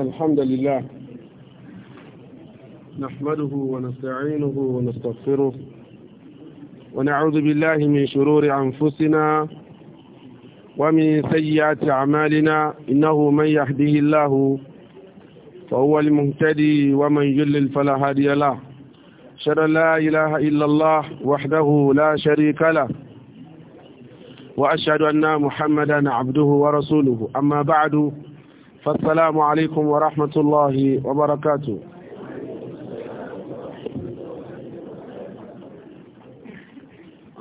الحمد لله نحمده ونستعينه ونستغفره ونعوذ بالله من شرور أنفسنا ومن سيئات أعمالنا إنه من يحده الله فهو المهتدي ومن يلل فلا هادي له أشهد لا إله إلا الله وحده لا شريك له وأشهد أن محمدا عبده ورسوله أما بعد فالسلام عليكم ورحمة الله وبركاته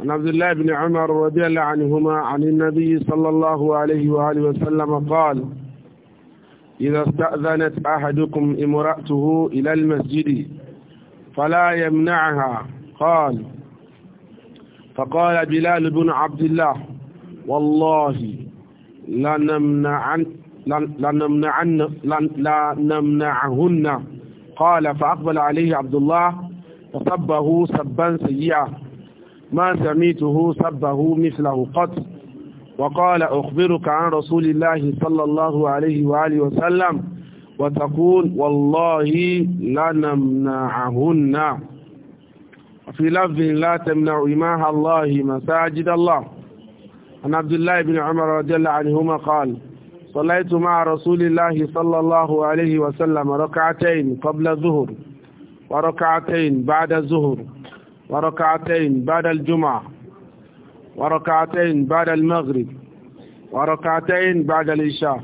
عن عبد الله بن عمر رضي الله عنهما عن النبي صلى الله عليه وآله وسلم قال إذا استأذنت أحدكم امرأته إلى المسجد فلا يمنعها قال فقال بلال بن عبد الله والله لنمنعن لنمنعهن قال فأقبل عليه عبد الله فصبه سبا سيئا ما سميته سبه مثله قط وقال أخبرك عن رسول الله صلى الله عليه وآله وسلم وتقول والله لنمنعهن وفي لفظ لا تمنع إماها الله مساجد الله عن عبد الله بن عمر رضي الله عنهما قال صليت مع رسول الله صلى الله عليه وسلم ركعتين قبل الظهر وركعتين بعد الظهر وركعتين بعد الجمعة وركعتين بعد المغرب وركعتين بعد العشاء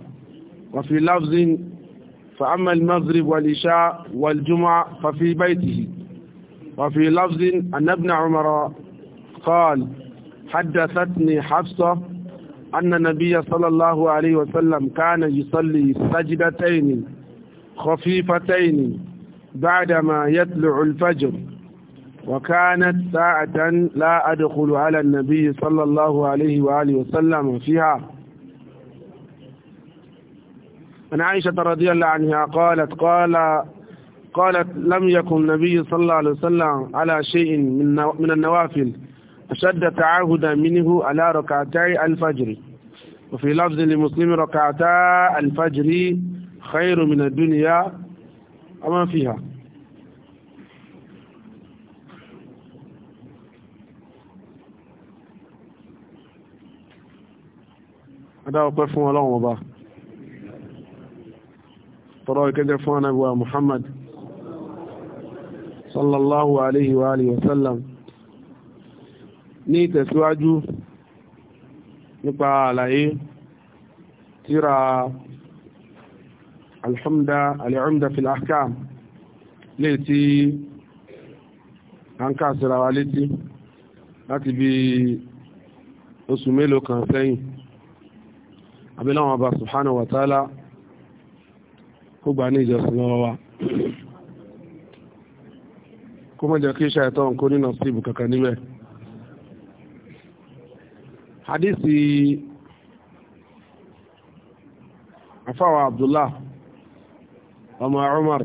وفي لفظ فأما المغرب والعشاء والجمعة ففي بيته وفي لفظ أن ابن عمر قال حدثتني حفصة أن النبي صلى الله عليه وسلم كان يصلي سجدتين خفيفتين بعدما يطلع الفجر وكانت ساعة لا أدخل على النبي صلى الله عليه وآله وسلم فيها عن عائشة رضي الله عنها قالت قال قالت لم يكن النبي صلى الله عليه وسلم على شيء من النوافل أشد تعاهدا منه على ركعتي الفجر وفي لفظ لمسلم ركعتا الفجر خير من الدنيا وما فيها هذا هو قف الله وضع ترى كده فانا محمد صلى الله عليه وآله وسلم ní ìtẹ̀síwájú nípa àlàyé tíra alhamda al'umda fil ahkam lè tí a ń káàsìra wa létí láti bí oṣù mélòó kan sẹ́yìn abẹ́láwọn ọba subhanahu wa ta'ala kó gbà ní ìjọsìn lọ́wọ́ wa kó mọ́jọ kí ṣàìtọ́ nǹkan nínú sí kankan níbẹ̀ hadisi afáwà abdullah ọmọ umar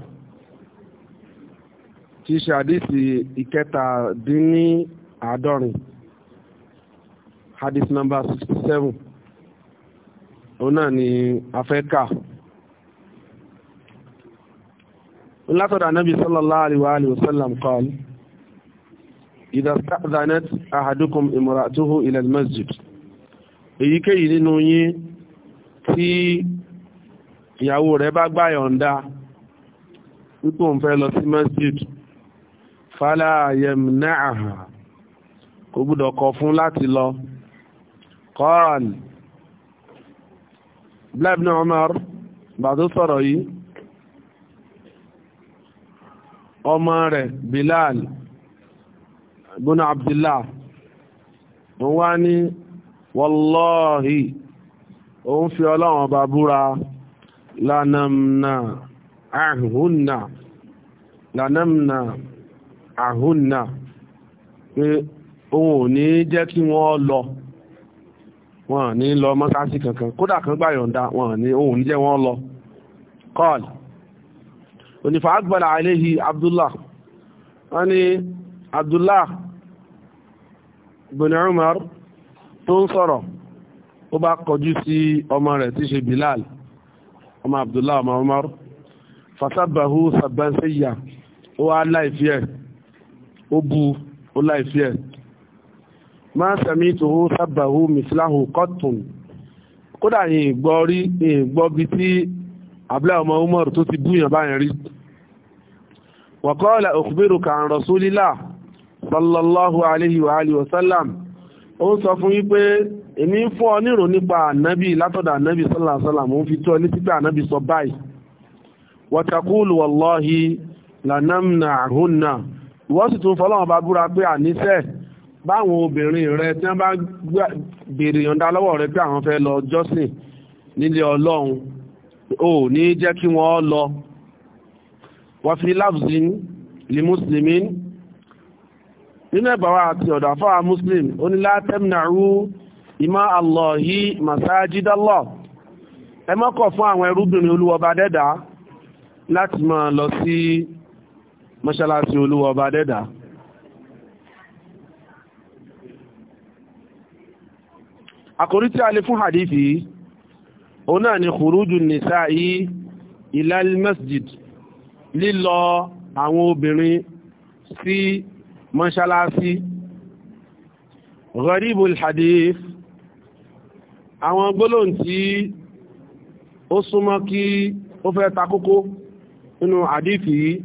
tí ṣe hadisi ìkẹtàdínní àádọ́rin hadith number sixty seven 67 náà ni afẹ́kà látọ̀dọ̀ anábi sallallahu alaihi wa alihi wasallam qala idha sta'dhanat ahadukum imra'atuhu ila masjid èyíkéyìí nínú yín tí ìyàwó rẹ̀ bá gbà yọ̀ǹda wípé òun fẹ́ lọ sí masjid fálá yamna'aha kò gbúdọ̀ kọ̀ fún láti lọ kọ́ọ̀n blabna Umar bá sọ̀rọ̀ yìí ọmọ rẹ̀ Bilal ibn Abdullah wọ́n wá ní wọ́lọ́ọ̀hì òun fi ọlọ́run ọba búra lánàmnà àhùnà lánàmnà àhùnà pé òun ò ní jẹ́ kí wọ́n lọ wọ́n ní lọ mọ́sáàsì kankan kódà kan gbà yọ̀ǹda wọ́n ní òun ní jẹ́ wọ́n lọ kọ́ọ̀lù onífà agbára àìléhi Abdullah wọ́n ní Abdullah bin tó ń sọ̀rọ̀ ó bá kọjú sí ọmọ rẹ̀ tí ṣe Bilal ọmọ Abdullah ọmọ Umar fasabahu sabanseya ó wá láìfí ẹ̀ ó bu ó láìfí ẹ̀ máa sẹ̀mí tòhó sábàhu mìsíláhù kọ́tùn kódà yìí gbọ́ rí yìí gbọ́ bí tí abúlé ọmọ Umar tó ti búyàn báyìí rí wàkọ́ọ̀lá ukhbiruka an rasulillah sallallahu alayhi wa sallam ó ń sọ fún yín pé èmi ń fún ọ nírò nípa ànábì látọ̀dọ̀ ànábì sallallahu alaihi wasallam ń fi tó ọ létí pé ànábì sọ báyìí wa taqulu wallahi lanamna'hunna wọ́n sì tún fọlọ́wọ́n bá búra pé àníṣẹ́ báwọn obìnrin rẹ tí wọ́n bá béèrè yọ̀ǹda lọ́wọ́ rẹ pé àwọn fẹ́ lọ jọ́sìn nílé ọlọ́run ò ní jẹ́ kí wọ́n lọ wa fi lafzin li muslimin nínú ẹgbàwà àti ọ̀dọ̀ àfáà muslim ó ní látẹ́mìnàrú ìmá àlọ́hí masajidallọ́ ẹ mọ́kọ̀ fún àwọn ẹrúbìnrin olúwọba dẹ́dà láti máa lọ sí mọ́ṣálásí olúwọba dẹ́dà àkórí tí a lè fún hadithi òun náà ni kùrújù nìsáyí ilal masjid lílọ àwọn obìnrin sí si mọ́ṣálásí gharibul hadith àwọn gbólóhùn tí ó súnmọ́ kí ó fẹ́ takókó nínú àdífì yìí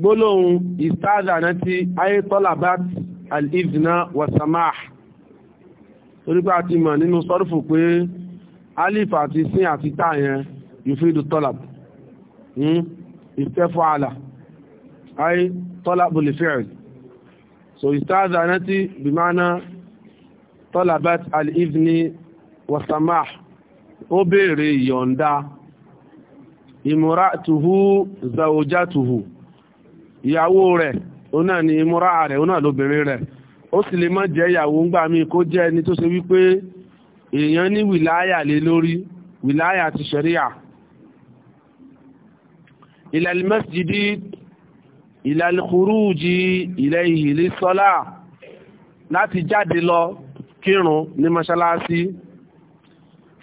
gbólóhùn ìstádànà ti ayetolabat al-izna wasamah orípa ti mọ̀ nínú sọ́rùfù pé alif àti sin àti tà yẹn yufidu tolab ìfẹ́fọ́ hmm? àlà ayetolabul fi'l so istadhanati bí mánà talabat al-idhni wasamah ó béèrè ìyọ̀ǹda imra'atuhu zawjatuhu ìyàwó rẹ̀ ó náà ni imura'a rẹ̀ ó náà lóbìnrin rẹ̀ ó sì lè má jẹ́ ìyàwó ń gbà mí kó jẹ́ ẹni tó ṣe wípé èèyàn ní wìláyà lé lórí wìláyà ti ṣẹ̀ríà ilal ìlàlìkúrúùjì ilẹ̀ ìhìlì sọ́lá láti jáde lọ kírun ní mọ́ṣálásí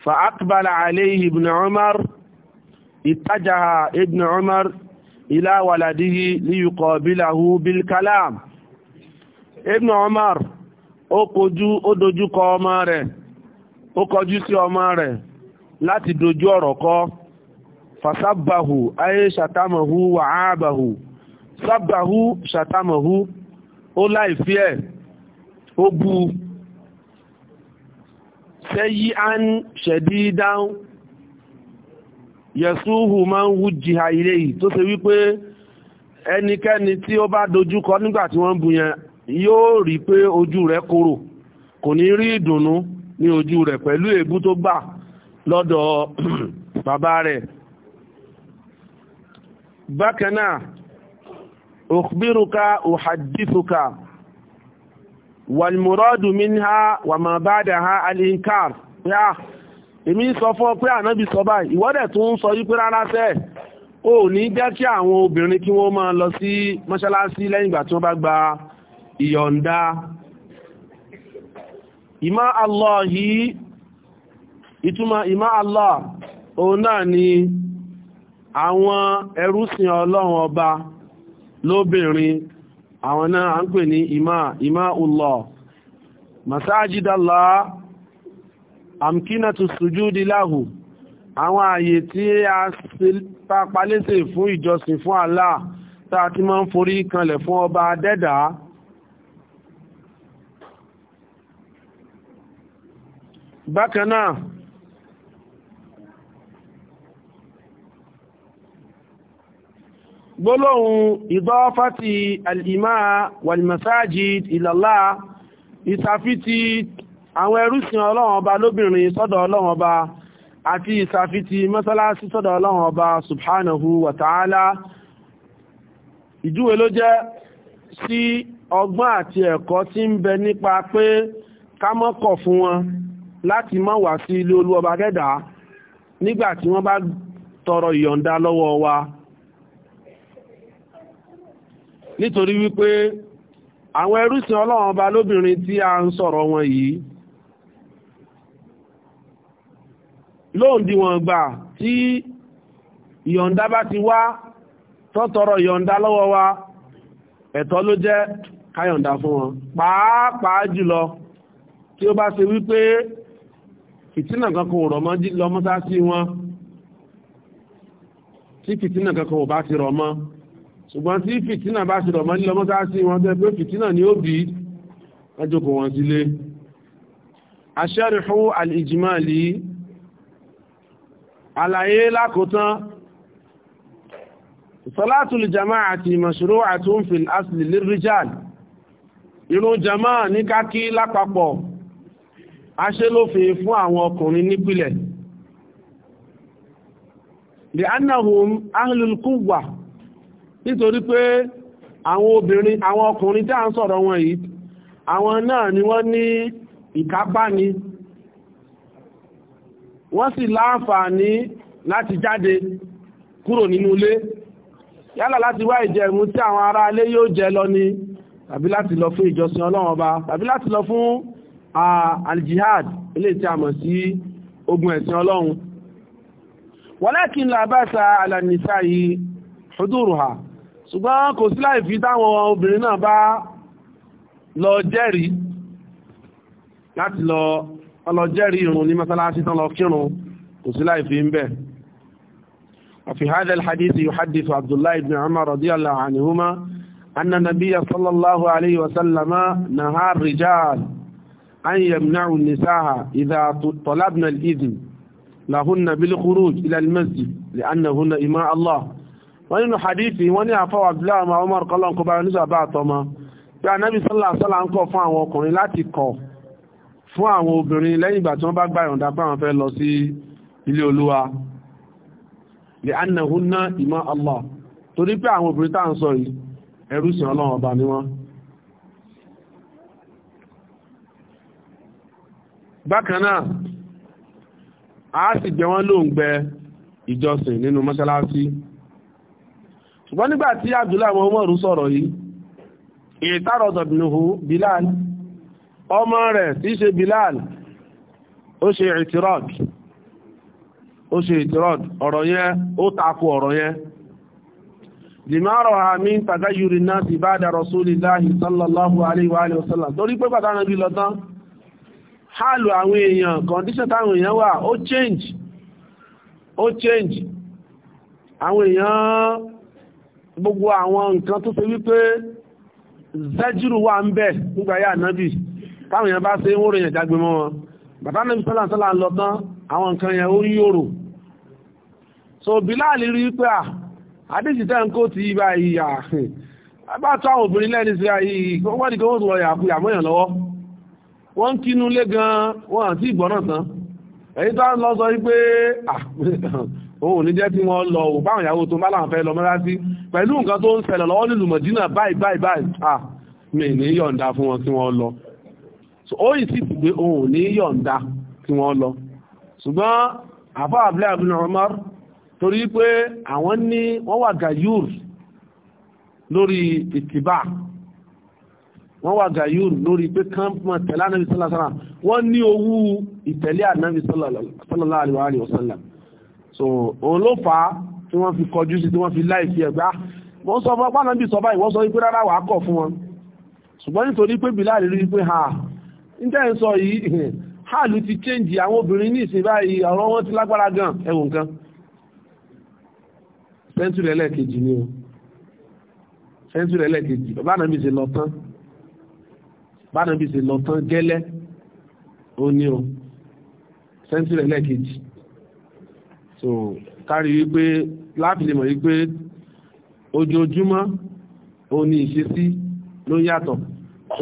fa akbala alayhi ibn umar ìtajaha ibn umar ila waladihi liyuqabilahu bil kalam ibn umar ó kojú ó dojú kọ ọmọ rẹ̀ ó kọjú sí ọmọ rẹ̀ láti dojú ọ̀rọ̀ kọ fasabahu ayé ṣàtàmọ̀hu wàhábàhù wa sábàáhú ṣàtàmọ̀hú ó láìfí ẹ̀ ó bú sẹ́yí án ṣẹ̀dí dáhùn yẹ̀súhù máa ń wú jìhà ilé yìí tó ṣe wípé ẹnikẹ́ni tí ó bá dojúkọ nígbà tí wọ́n bu yẹn yóò rí pé ojú rẹ̀ korò kò ní rí ìdùnnú ní ojú rẹ̀ pẹ̀lú èébú tó gbà lọ́dọ̀ bàbá rẹ̀ bákan náà أخبرك أحدثك والمراد منها وما بعدها الإنكار يا èmi sọ fún ọ pé ànábì sọ báyìí ìwọ́dẹ̀ tó ń sọ wípé rárá tẹ́ ò ní jẹ́ kí àwọn obìnrin kí wọ́n máa lọ sí mọ́ṣáláṣí lẹ́yìn ìgbà tí wọ́n bá gba ìyọ̀ǹda ìmá Allah yìí ìtumọ̀ ìmá ni àwọn erusiyan ọlọ́run ọba lóbìnrin àwọn náà a ń pè ní ìmá ìmá ulọ masajidallá amkinatu sujudi lahu àwọn àyè tí a palẹ́sẹ̀ fún ìjọsìn fún Allah tàà tí máa ń forí kanlẹ̀ fún ọba adẹ́dà bákan gbólóhùn ìdọ́fàtí alìmá wàlìmọ̀sáàjìd ìlàlá ìsàfitì àwọn ẹrúsìn ọlọ́run ọba lóbìnrin sọ́dọ̀ ọlọ́run ọba àti ìsàfitì mọ́sálásí sọ́dọ̀ ọlọ́run ọba subhanahu wa ta'ala ìjúwe ló jẹ́ sí ọgbọ́n àti ẹ̀kọ́ tí ń bẹ nípa pé ká mọ́kọ̀ fún wọn láti má wá sí ilé olú ọba kẹ́dàá nígbà tí wọ́n bá tọrọ ìyọ̀ǹda lọ́wọ́ wa nítorí wípé àwọn ẹrúsìn ọlọ́run ọba lóbìnrin tí a ń sọ̀rọ̀ wọn yìí lóòndíwọ̀n gbà tí ìyọ̀ǹda bá ti wá tọ́tọrọ ìyọ̀ǹda lọ́wọ́ wa ẹ̀tọ́ ló jẹ́ káyọ̀ǹda fún wọn pàápàá jùlọ tí ó bá ṣe wípé fìtínà kankan ò rọ̀mọ́ lọ sí wọn tí fìtínà kankan ò bá ti rọ̀mọ́ ṣùgbọ́n tí fìtínà bá ṣe rọ̀mọ́ nílọ mọ́sáàsì wọn tẹ́ pé fìtínà ni ó bí ẹjọ́kọ̀ wọn sílé aṣẹ́rìhú alìjìmáàlì àlàyé lákòótán sọlátùlù jama'a àti mọ̀ṣúrò àtúnfin asìlì lirrijal irun jama'a ní kákí lápapọ̀ aṣẹ́lófin fún àwọn ọkùnrin nípìlẹ̀ li annahum ahlul quwwah nítorí pé àwọn obìnrin àwọn ọkùnrin tí a ń sọ̀rọ̀ wọn yìí àwọn náà ni wọ́n ní ìkábáni wọ́n sì láǹfààní láti jáde kúrò nínú ilé yálà láti wá ìjẹ̀mú tí àwọn ará ilé yóò jẹ lọ ni tàbí láti lọ fún ìjọsìn ọlọ́run ọba tàbí láti lọ fún aljihad ilé tí a mọ̀ sí ogun ẹ̀sìn ọlọ́run walakin la basa ala nisa'i ha ṣùgbọ́n kò sí láì fi táwọn obìnrin náà bá lọ jẹ́rìí láti lọ lọ jẹ́rìí irun ní mọ́sálásí tán lọ kírun kò sí láì fi ń bẹ̀. وفي هذا الحديث يحدث عبد الله بن عمر رضي الله عنهما أن النبي صلى الله عليه وسلم نهى الرجال أن يمنعوا النساء إذا طلبنا الإذن لهن بالخروج إلى المسجد لأنهن إماء الله wọ́n nínú hadithi wọ́n ní àfọwà abdullahi ọmọ ọmọ ọ̀rọ̀kọ́lọ́n kó bá ní sàbá àtọmọ pé anábì sọ́lá sọ́lá ń kọ̀ fún àwọn ọkùnrin láti kọ̀ fún àwọn obìnrin lẹ́yìn ìgbà tí wọ́n bá gbà yọ̀ǹda pé fẹ́ lọ sí ilé olúwa lè annahunna ìmọ̀ allah torí pé àwọn obìnrin tá à ń sọ yìí ẹrú sìn ọlọ́run ọba ni wọ́n bákan náà a sì jẹ wọ́n lóǹgbẹ ìjọsìn nínú mọ́ṣáláṣí ṣùgbọ́n nígbà tí Abdullahi ọmọ Umaru sọ̀rọ̀ yìí ìtàrọ̀ Bilal ọmọ rẹ̀ tí ṣe Bilal ó ṣe ìtìrọ̀d ó ṣe ìtìrọ̀d ọ̀rọ̀ yẹn ó takò ọ̀rọ̀ yẹn dìmárọ̀ àmì tàgáyùrì náà ti gbogbo àwọn nǹkan tó ṣe wípé zẹ́jìrù wà ń bẹ̀ nígbà yà nábì táwọn èèyàn bá ṣe ń wóró yẹn jágbe mọ́ wọn bàbá náà sọ́là sọ́là lọ tán àwọn nǹkan yẹn ó rí yòrò so Bilal rí pé à àdéjì tẹ́ ń kó ti ibà ìyà bá àwọn obìnrin lẹ́ni sí ayé wọ́n di kí wọ́n sọ yàkuyà mọ́yàn lọ́wọ́ wọ́n ń kínú lé gan wọ́n àti ìgbọ́nà tán èyí tó ń lọ sọ wípé òun ní jẹ́ tí wọ́n lọ ò báwọn ìyàwó tó máa láǹfẹ́ lọ mọ́ra sí pẹ̀lú nǹkan tó ń ṣẹlẹ̀ lọ́wọ́ nílùú mọ̀dínà báyìí báyìí báyìí à ah, mi ní yọ̀ǹda fún wọn kí wọ́n lọ ó yìí sì pé òun ní yọ̀ǹda kí wọ́n lọ ṣùgbọ́n àfọ́ àbúlé àbúlé Umar torí pé àwọn ní wọ́n wà gayur lórí ìtìbà pé kánpọ̀ tẹ̀lé ànábi sọ́lá wọ́n ní owó ìtẹ̀lé ànábi sọ́lá àlùwárí ọ̀sọ́lá so òun ló fà á tí wọ́n fi kọjú sí tí wọ́n fi láì sí ẹ̀gbá wọ́n ah, sọ fún apá bí sọ́bá ìwọ́n sọ wípé rárá wàá kọ̀ fún wọn ṣùgbọ́n nítorí pé Bilal rí wípé ha níta ẹ̀ sọ yìí hàlù ti chẹ́ǹjì àwọn obìnrin ní ìsìn báyìí ọ̀rọ̀ wọn ti lágbára gan ẹ̀wọ̀n kan sẹ́ńtúrì ẹlẹ́ẹ̀kejì ni o sẹ́ńtúrì ẹlẹ́ẹ̀kejì bá nàbí ṣe lọ tán bá nàbí ṣe lọ tán gẹ́lẹ́ o ní o sẹ́ńtúrì ẹlẹ́ẹ̀kejì so kárí wípé láti lè mọ̀ wípé ojoojúmọ́ ó ni ìṣesí ló yàtọ̀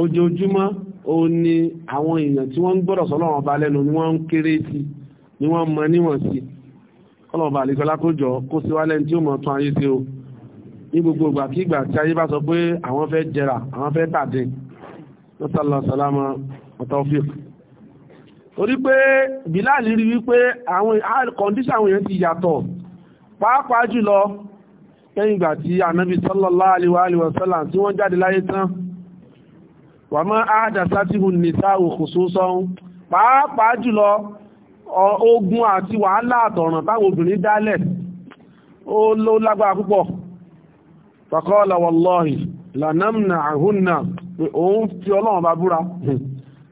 ojoojúmọ́ ó ní àwọn èèyàn tí wọ́n ń gbọ́dọ̀ sọ́lọ́wọ́n ba lẹ́nu ni wọ́n ń kéré sí ni wọ́n mọ níwọ̀n sí kọ́lọ̀ọ̀bà àlejòlá kó jọ kó sí wálẹ̀ tí ó mọ̀ tún ayé sí o ní gbogbo ìgbà kí ìgbà tí ayé bá sọ pé àwọn fẹ́ jẹrà àwọn fẹ́ tàdé lọ́sàlọ́sàlámà ọ̀tọ́fíìkì torí pé Bilal rí wípé àwọn kọ̀ndíṣà àwọn èèyàn ti yàtọ̀ pàápàá jùlọ lẹ́yìn ìgbà tí ànábì sallallahu alaihi wa sallam tí wọ́n jáde láyé tán wà mọ́ àádàsá tí hùn ní sáà òkùsù sọ́hún pàápàá jùlọ ogun àti wàhálà àtọ̀ràn táwọn obìnrin dálẹ̀ ó ló lágbára púpọ̀ faqala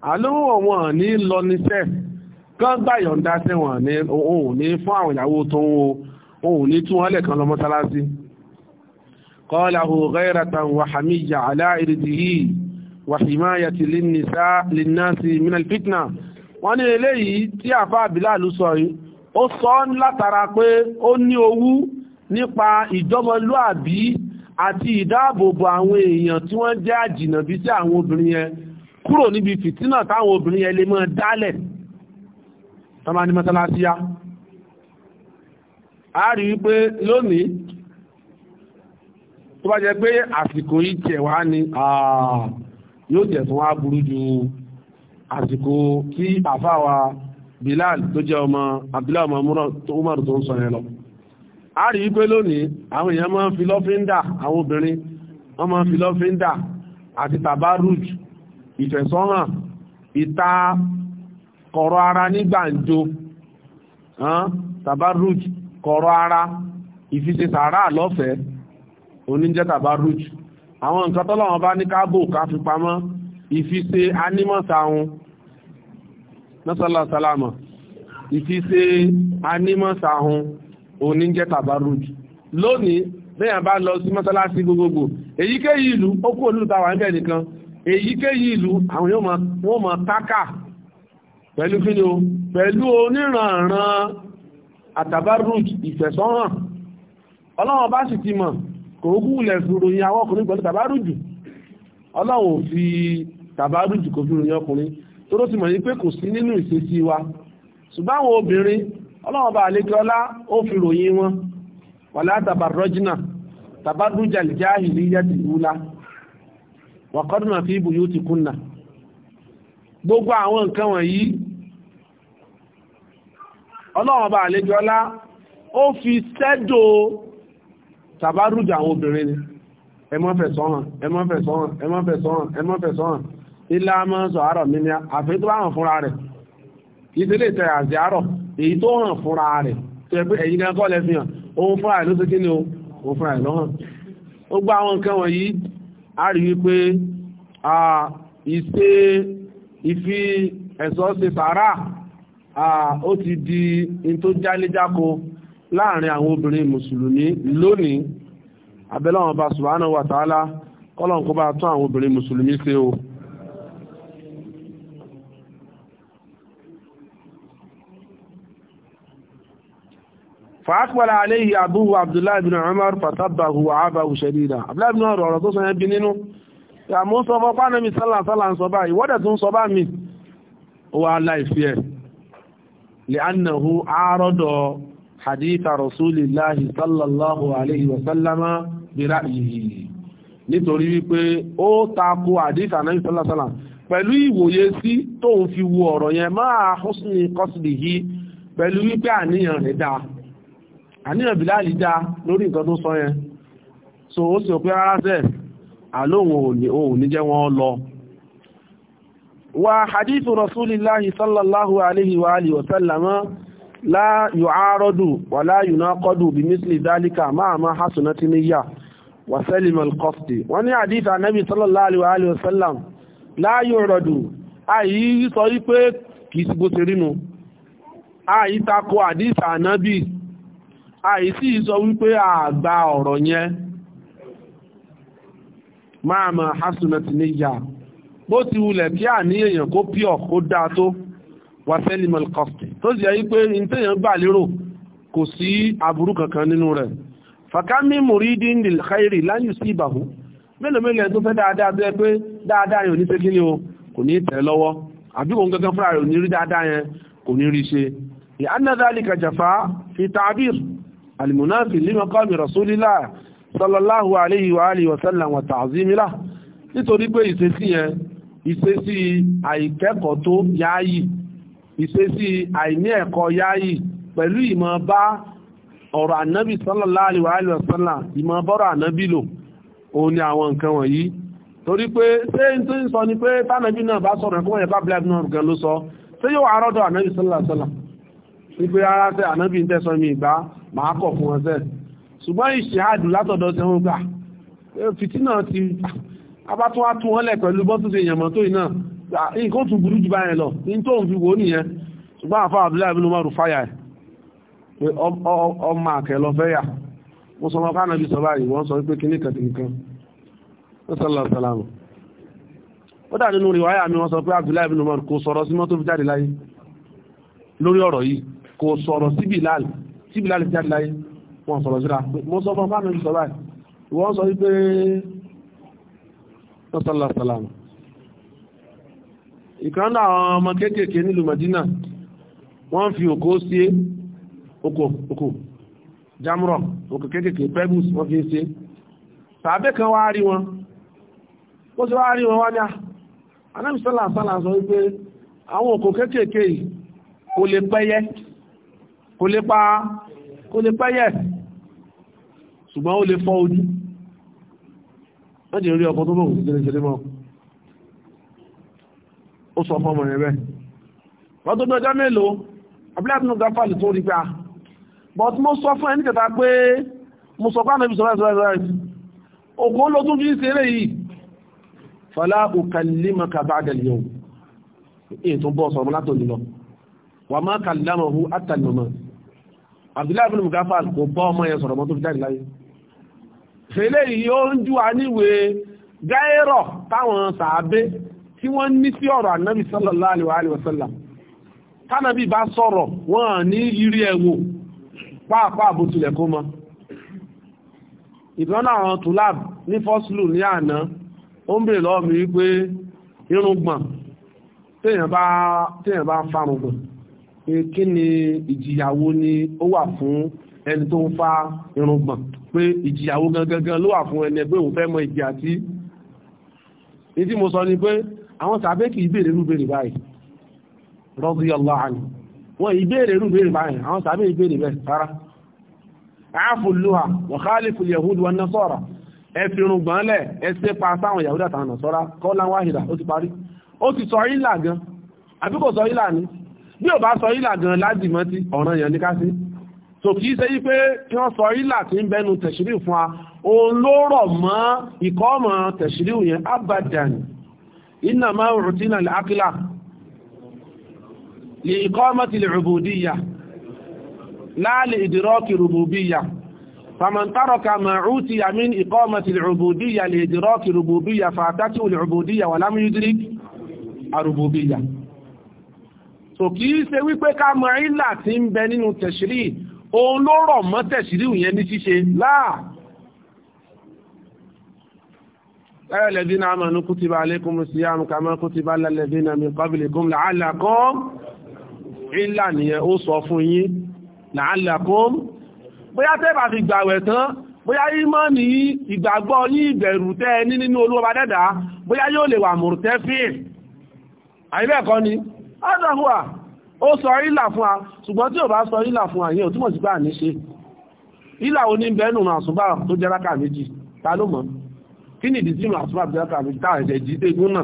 àlówó wọn ní lọ níṣẹ́ kán gbà yọ̀ǹda sí wọn ní òun ní fún àwọn ìyàwó tó ń wo òun ní tún wọn lẹ́ẹ̀kan lọ mọ́sálásí kọ́lá ghayratan wa wọ́n ní eléyìí tí àfá àti ìdáàbòbò àwọn èèyàn tí wọ́n jẹ́ àjìnàbí sí àwọn obìnrin yẹn kúrò níbi fìtínà táwọn obìnrin yẹn lè mọ́ dálẹ̀ tọ́mà ní mọ́sálásí yá a rí wípé lónìí tó bá jẹ́ pé àsìkò yìí tiẹ̀ wá ni yóò jẹ̀ fún wa burú ju àsìkò tí àfáwa Bilal tó jẹ́ ọmọ Abdullahi ọmọ Umar tó ń sọ yẹn lọ a rí wípé lónìí àwọn èèyàn máa fi lọ́fíńdà àwọn obìnrin wọ́n máa fi lọ́fíńdà àti tàbá rújù ìfẹ̀sọ́hàn ìta kọ̀rọ̀ ara ní gbàǹjo tabarruj kọ̀rọ̀ ara ìfise sàárà lọ́fẹ̀ẹ́ oníjẹ́ tabarruj àwọn nǹkan tọ́lọ́wọ́n bá ní káàbò ká fi pamọ́ ìfise anímọ̀sáhun nọ́sọ́lọ́sọ́lámọ̀ ìfise anímọ̀sáhun oníjẹ́ tabarruj lónìí bẹ́yàn bá lọ sí mọ́sálásí gbogbogbò èyíkéyìí ìlú ó kú olùtawà níbẹ̀ nìkan èyíkéyìí ìlú àwọn yóò wọ́n máa tákà pẹ̀lú kí ni o pẹ̀lú oníranran àtàbárùj ìfẹ̀sọ́hàn ọlọ́wọ́n bá sì ti mọ̀ kò gúnlẹ̀ fúru ní àwọn ọkùnrin pẹ̀lú tàbárùjù ọlọ́wọ́n ò fi tàbárùjù kò fúru ní ọkùnrin tó ló ti mọ̀ ní pé kò sí nínú ìṣesí wa ṣùgbọ́n àwọn obìnrin ọlọ́wọ́n bá àlékè ọlá ó fi ròyìn wọn wàlá tàbárọ́jìnà tàbárùjà lìjáàhìlì yàtìlúlá wàkọ́dúnà fi buyutikunna gbogbo àwọn nǹkan wọ̀nyí ọlọ́wọ́n bá àlejò ọlá ó fi sẹ́dò tàbárùjà àwọn obìnrin ni ẹmọ́fẹ̀sọ́hàn ẹmọ́fẹ̀sọ́hàn ẹmọ́fẹ̀sọ́hàn ẹmọ́fẹ̀sọ́hàn ilá mọ́sọ̀ àárọ̀ mímí àfẹ́ tó hàn fúnra rẹ̀ ìdílé ìtẹ̀ àti àárọ̀ èyí tó hàn fúnra o òun fúnra rẹ̀ lọ́hàn gbogbo a rí wípé ìṣe ìfi ẹ̀sọ́ ṣe sàárà ó ti di in tó jáléjáko láàrin àwọn obìnrin mùsùlùmí lónìí abẹ́lọ́wọ̀n bá subhanahu wa ta'ala kọ́lọ̀n kó bá tún àwọn obìnrin mùsùlùmí ṣe o. فأقبل عليه أبوه عبد الله بن عمر فسبه وعابه شديدا عبد الله بن عمر ọ̀rọ̀ tó sọ yẹn bí nínú ya mú sọ fọ́ pánà mi sálà sálà ń sọ báyìí wọ́dẹ̀ tún sọ bá mi wà láìfí ẹ̀ lẹ́annahu àárọ́dọ̀ hadita rasulillahi sallallahu pẹ̀lú wípé àníyàn rẹ̀ dáa àníyàn Bílálì dá lórí nǹkan tó sọ yẹn so ó sì òpin rárá sẹ́ àlóhun òun ní jẹ́ wọ́n lọ wa hadithu rasulillahi sallallahu alaihi wa alihi wa sallama la yu'aradu wa la yunaqadu bi misli dhalika ma ma hasunati niyya wa salima al-qasdi wọ́n ní hadith anabi sallallahu alaihi wa alihi wa sallam la yu'radu ayi sọ wípé kìí sí bó ṣe rínu ayi hadith anabi àìsí sọ wípé àgbà ọ̀rọ̀ yẹn máa mọ̀ hasunat níyà bó ti wulẹ̀ kí à ní èèyàn kó pí ọ̀kó dá tó wà sẹ́lì mọ̀lkọ́fì tó sì yẹ wípé ìtẹ̀yàn gbà lérò kò sí aburú kankan nínú rẹ̀ fàkámí mùrídí ní khairi láyù sí ìbàhú mélòó mélòó tó fẹ́ dáadáa tó pé dáadáa yẹn ò ní ṣe kí ni o kò ní tẹ̀ lọ́wọ́ àbí òun gangan fúnra rẹ̀ ò ní rí dáadáa yẹn kò ní rí ṣe ìhánà dálì kàjàfà fi tàbír alìmùnáàfì lè mọ́kànmì rasulillah sallallahu alayhi wa alihi wa sallam wa ta'zimila nítorí pé ìṣesí yẹn ìṣesí àìkẹ́kọ̀ọ́ ياي yááyì ìṣesí àìní ياي. yááyì pẹ̀lú ìmọ̀ bá ọ̀rọ̀ ànábì sallallahu alayhi wa alihi wa sallam ìmọ̀ bọ́rọ̀ ànábì lò òun ni àwọn nǹkan wọ̀nyí torí pé ṣé n tó ń sọ ni pé tánàbí náà bá sọ̀rọ̀ ẹ̀kọ́ yẹn bá bílẹ̀ náà gan ló sọ ṣé yóò wà rọ́dọ̀ sallallahu alayhi wa sallam wípé ara ṣe ànábì ń tẹ́sọ mi ìgbà máa kọ̀ fún wọn sẹ́ẹ̀ ṣùgbọ́n ìṣèhádùn látọ̀dọ̀ tí wọ́n gbà fìtínà ti abátún wá tún wọ́n lẹ̀ pẹ̀lú bọ́tún ṣe ìyànmọ́ tó iná nǹkan tún burú jù báyẹn lọ ní tó ń fi wò ó nìyẹn ṣùgbọ́n àfa Abdullahi bin Umar fàyà ẹ̀ pé ọmọ àkẹ́ lọ fẹ́ yà mo sọ ọmọ kánà bí sọ báyìí wọ́n lórí ọ̀rọ̀ yìí kò sọ̀rọ̀ sí Bilal tí Bilal jáde láyé wọ́n sọ̀rọ̀ síra mo sọ fún fáànù sọ báyìí wọ́n sọ wípé sọ́sọ́lá sàlámù ìkan náà àwọn ọmọ kéékèèké nílùú Madina wọ́n fi òkó sí òkò òkò jamrọ̀ òkò kéékèèké pebbles wọ́n fi ń ṣe tàbí kan wá rí wọn ó sì wá rí wọn wá ní anábìsọ́lá ah, sàlámù sọ wípé àwọn òkò kéékèèké kò lè pẹ́yẹ́ kò lè pa kò lè pẹ́ yẹ̀ ṣùgbọ́n ó lè fọ́ ojú mẹ́jẹ̀ orí ọkọ̀ tó bọ̀ kò tẹ́lẹ̀ tẹ́lẹ̀ mọ́ ó sọ fọ́mọ rẹ̀ bẹ́ẹ̀ wọ́n tó bí ọjọ́ mélòó abúlẹ́tìnú gáfàlì tó rí gbà but mo sọ fún ẹni kẹta pé mo sọ pánà ìbísọ̀ láti láti òkú ó lọ tún fi ń ṣeré yìí fọlá òkàlímọ̀kà bá dẹ̀lẹ̀ yòó èyí tó bọ́ sọ̀rọ̀ látòlì lọ wà má kàlámọ̀hu àtàlùmọ̀ Abdullahi bin Mugafal kò bọ́ ọmọ yẹn sọ̀rọ̀ mọ́ tó fi jáde láyé fèlè yìí ó ń jú wa gáírọ̀ táwọn sàábé tí wọ́n ní sí ọ̀rọ̀ ànábì sallallahu alaihi wa sallam tánàbí bá sọ̀rọ̀ wọ́n ní irí ẹ̀wò pàápàá àbótulẹ̀ kó mọ́ ìgbọ́n àwọn tulab ní fọ́sùlù ní àná ó ń bèèrè lọ́wọ́ kí ni ìjìyàwó ni ó wà fún ẹni tó ń fa irùngbọ̀n pé ìjìyàwó gangan ló wà fún ẹni ẹgbẹ́ òun fẹ́ mọ ìjì àti ìdí mo sọ ni pé àwọn sàbẹ́ kì í béèrè rúbèrè báyìí radiyallahu anhu wọn ìbéèrè rúbèrè báyìí àwọn sàbẹ́ ìbéèrè bẹ́ẹ̀ rárá àáfùlùwà wọ̀kálìfù yahudu wọn nasọ́ra ẹ fi irùngbọ̀n bí ò bá sọ ìlà gan ládìmọ́ tí ọ̀ràn yẹn ní kásí so kìí ṣe yí pé kí wọ́n sọ ìlà tí ń bẹnu tẹ̀ṣírí fún wa òun ló rọ̀ mọ́ ìkọ́ ọmọ tẹ̀ṣírí yẹn abadan iná máa ń rùtí náà lákìlá lè rùbùdíyà láàlè ìdìrọ́kì rùbùdíyà so kìí ṣe wípé ká mọ ìlà tí ń bẹ nínú tẹ̀ṣírí òun ló rọ̀ mọ́ tẹ̀ṣírí yẹn ní ṣíṣe láà lára lẹ́bí náà mọ̀ ní kútìbà alékùnmù sí àmì kàmọ́ kútìbà lẹ́lẹ́bí náà mi kọ́bìlìkùn làálàkùn ìlà nìyẹn ó sọ fún yín làálàkùn bóyá tẹ́bà fi gbàwẹ̀ tán bóyá ìmọ̀ ní ìgbàgbọ́ ní ìbẹ̀rù tẹ́ ní nínú olúwa dẹ́dà bóyá yóò lè wà mùrùtẹ́fì àìbẹ́ẹ̀kọ́ ni ádàhùà ó sọ ìlà fún wa ṣùgbọ́n tí ò bá sọ ìlà fún wa yẹn ò túmọ̀ sí bá ní ṣe ìlà wo ní bẹ́ẹ̀nù àṣùbà tó jẹ́ méjì ta ló mọ̀ kí ni ìdí tí àṣùbà méjì tá ẹ̀jẹ̀ jí náà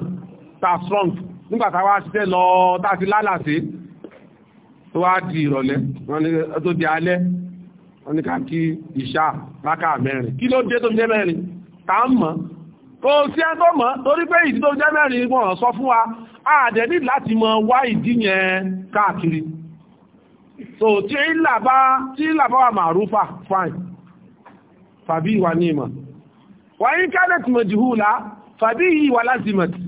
ta strong nígbà tá wá ṣiṣẹ́ lọ tá ti lálàsí tó wá di ìrọ̀lẹ́ tó di alẹ́ wọ́n ní ká ìṣà rákà mẹ́rin kí ló dé tó jẹ́ mẹ́rin ta ń mọ̀ kò sí ẹ tó mọ̀ torí pé ìdí tó jẹ́ mẹ́rin wọ́n sọ fún wa àdẹ̀ní láti mọ wá ìdí yẹn káàkiri so tí ìlà bá tí ìlà bá wà màrúfà fine fàbí ìwà ní ìmọ̀ wà ní kẹ́lẹ̀tì mọ̀jìhúlá fàbí ìwà láti mọ̀tì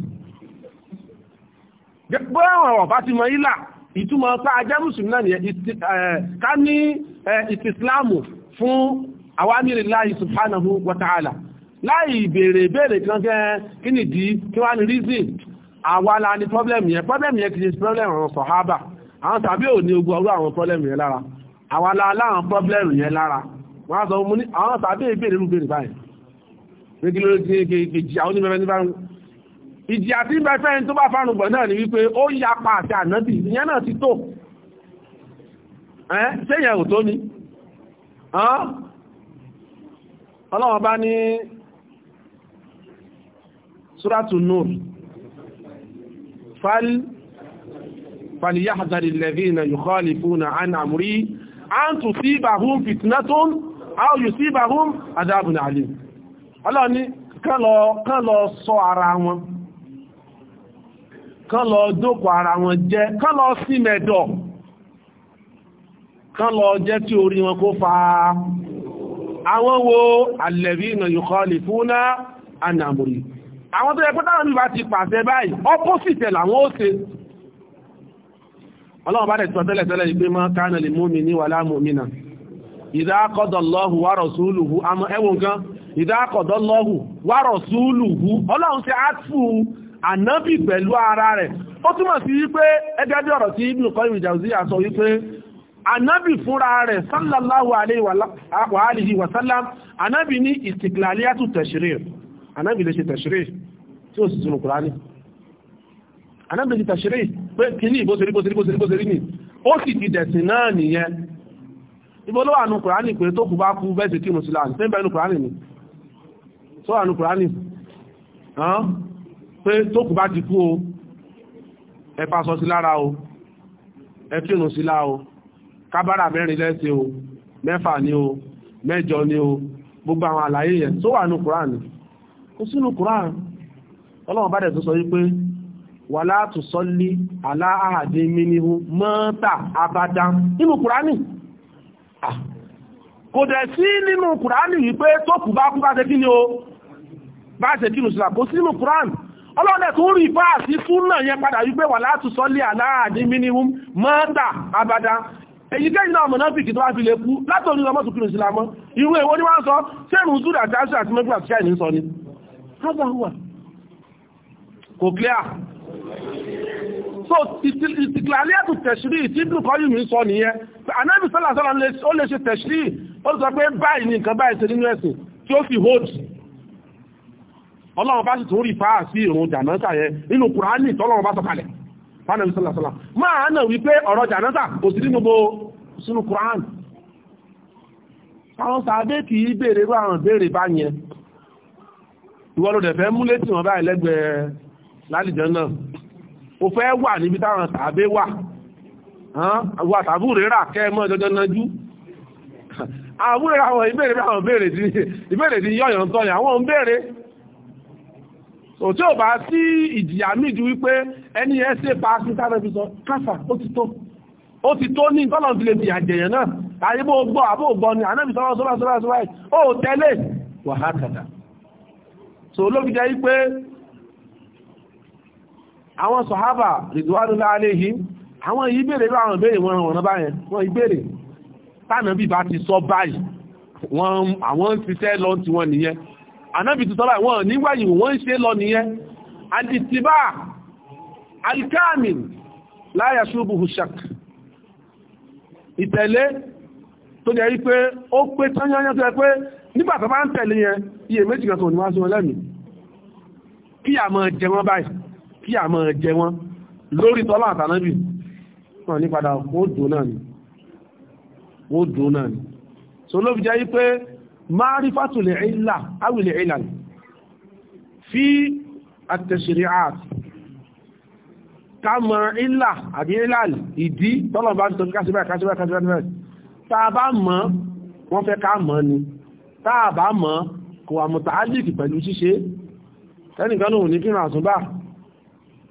gbọ́nà ọ̀bá ti mọ̀ ìlà ìtumọ̀ pé ajẹ́ mùsùlùmí náà nìyẹn ká ní ìtìsìláàmù fún àwámìrìláì àwa la ní pọ́blẹ̀mù yẹn pọ́blẹ̀mù yẹn kì í ṣe pọ́blẹ̀mù àwọn sọ̀hábà àwọn tàbí ò ní ogun ọrú àwọn pọ́blẹ̀mù yẹn lára àwa la láwọn pọ́blẹ̀mù yẹn lára wọ́n sọ mú ní àwọn tàbí ìbéèrè mú béèrè báyìí pé kí ló ti kejì àwọn onímọ̀ ní báyìí ìjì àti ìbẹ̀fẹ́ tó bá farugbọ̀n náà ni wípé ó yapa àti ànábì ìyẹn náà ti tó ẹ́ sẹ́yìn ò tó ni ọlọ́wọ́n bá ní Suratu Nur fal falyahdhari alladhina yukhalifuna an amri an tusibahum fitnatun aw yusibahum adhabun alim Allah ni kan lọ kan lọ sọ ara wọn kan lọ dókò ara wọn jẹ kan lọ sí mẹ́dọ̀ kan lọ jẹ́ tí orí wọn kó fa àwọn wo alladhina yukhalifuna an amri àwọn tó yẹ pé táwọn nígbà ti pàṣẹ báyìí opposite làwọn ó ṣe ọlọ́run bá dẹ̀ sọ tẹ́lẹ̀ tẹ́lẹ̀ ìgbé mọ́ kánà lè múmi ní wà láàmùmínà ìdákọ̀dọ̀lọ́hù wárọ̀ súúlùhù àmọ́ ẹwọ nǹkan ìdákọ̀dọ̀lọ́hù wárọ̀ súúlùhù ọlọ́run ṣe átfù ànábì pẹ̀lú ara rẹ̀ ó túmọ̀ sí wípé ẹgẹ́ bí ọ̀rọ̀ tí Ibn Qayyim Jawziyya sọ wípé ànábì fúnra rẹ̀ sallallahu alaihi wa alihi wasallam. Anabi ni ní istiqlaliyatu tashri' ànábì lè ṣe tashri' tí ó sì sínú kùránì anábìlì tàṣírí pé kí ní ìbóṣerí bóṣerí bóṣerí bóṣerí ní ó sì ti dẹ̀sìn náà nìyẹn ìbólówà nù kùránì pé tó kù bá kú bẹ́ẹ̀sì kí mùsùlùmí ni tó wà nù kùránì pé tó kù bá ti kú o ẹ pàṣọ sí lára o ẹ kírun sí lára mẹ́fà ni o mẹ́jọ ni o gbogbo àwọn àlàyé yẹn tó wà nù kùránì kò sínú kùránì ọlọ́run bá dẹ̀ tó sọ wípé wà látù sọ́lé aláàdé mínihú mọ́ta abádá nínú kùránì kò dẹ̀ sí nínú kùránì wípé tó kù bá kú bá ṣe kí ni o bá ṣe kí lùsùlà kò sí nínú kùránì ọlọ́dẹ̀ tó rí bá sí súnà yẹn padà wípé wà látù sọ́lé aláàdé mínihú mọ́ta abádá èyí kẹ́yìn náà mọ̀ náà fi kìtọ́ àfi lè kú látòrí ọmọ tó kìrìsìlámọ́ ìwé ìwọ́n ni wọ́n sọ sẹ́rùn zúrà dáṣà àti mẹ́gbà tí àìní sọ ni. hábà wà kò clear so ìtìkìlálẹ́ àtù tẹ̀ṣírí tí dùkọ́ yìí mi sọ nìyẹn anábì sọ́là sọ́là ó lè ṣe tẹ̀ṣírí ó sọ pé báyìí ní nǹkan báyìí ṣe nínú ẹ̀sìn tí ó fi hold ọlọ́run bá sì tún rí fáà sí ìrùn jànáta yẹn nínú kùránì tọ́lọ́run bá sọ̀kalẹ̀ fánàbí sọ́là sọ́là máa nà wípé ọ̀rọ̀ jànáta kò sí nínú sínú kùránì àwọn sàbẹ́ kì í béèrè bá àwọn béèrè bá yẹn ìwọ ló dẹ̀ fẹ́ múlé tí wọ́n báyìí lẹ́gbẹ̀ẹ́ lálìjọ náà o fẹ́ wà níbi táwọn tàbí wà àwọn àtàbù rírà kẹ́ẹ̀mọ́ jọjọ nájú àwọn rírà àwọn ìbéèrè àwọn ìbéèrè tí yọ́yọ̀ ń tọ́yà àwọn ń béèrè so tí ó bá sí ìjìyà mídú wípé ẹni ẹ ṣe pa sí sáré fi sọ káfà ó ti tó ó ti tó ní tọ́lọ̀ ti lè fi àjẹyàn náà ayé bó gbọ́ àbó gbọ́ ni ànábì sọ́rọ̀ sọ́rọ̀ sọ́rọ̀ sọ́rọ̀ ó tẹ́lẹ̀ àwọn sọ̀hábà rìdúwánúlá aléhì àwọn yìí bèèrè bá àwọn ìbéèrè wọn wọ̀n báyẹn wọ́n ìbéèrè tánàbí bá ti sọ báyìí àwọn ń ṣiṣẹ́ lọ ti wọn nìyẹn ànábì ti sọ báyìí wọ́n níwáyì wọ́n ń ṣe lọ nìyẹn alìtìbá alkamin láyà ṣubù hushak ìtẹ̀lé tó jẹ́ wípé ó pé tányányán tó yẹ pé nígbà tó bá ń tẹ̀lé yẹn iye méjì kan tó ní wá sí wọn lẹ́nu kí àmọ́ jẹ wọn báyìí kí a máa jẹ wọ́n lórí tọ́lá àtànábì wọ́n ní padà wọ́n dùn náà ni wọ́n dùn náà ni so ló fi jẹ́ wípé ma'rifatu li'illa aw li'ilal fi at-tashri'at ká mọ̀ ìlà àbí ìlàl ìdí tọ́lọ̀ bá ti tọ́jú kásíbẹ̀ kásíbẹ̀ kásíbẹ̀ tá a bá mọ̀ wọ́n fẹ́ ká mọ̀ ni tá a mọ̀ kò àmọ̀tà álìkì pẹ̀lú ṣíṣe ẹnìkan náà ní kírun àsùnbà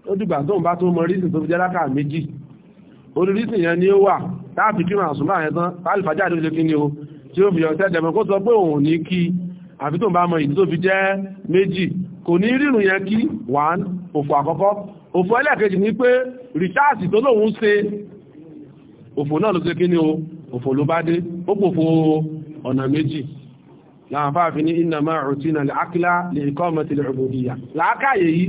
ó dìgbà tó ń bá tó mọ rísìn tó fi jẹ́ rákà méjì orí rísìn yẹn ni ó wà táàfi kí wọn àsùnmọ́ àyẹn tán alifájà ló ṣe kí ni o tí ó fi ọ̀sẹ̀ dẹ̀mọ́ kó sọ pé òun ní kí àfi tó ń bá mọ ìdí tó fi jẹ́ méjì kò ní rírun yẹn kí one òfò àkọ́kọ́ òfò ẹlẹ́ẹ̀kejì ni pé rìsáàsì tó lóun ṣe òfò náà ló ṣe kí o òfò ló bá dé ó pòfò ọ̀nà méjì láàfáàfin ní ìnàmá rùtínà lè ákílá lè kọ́ ọmọ tilẹ̀ òbòdìyà làákàyè yìí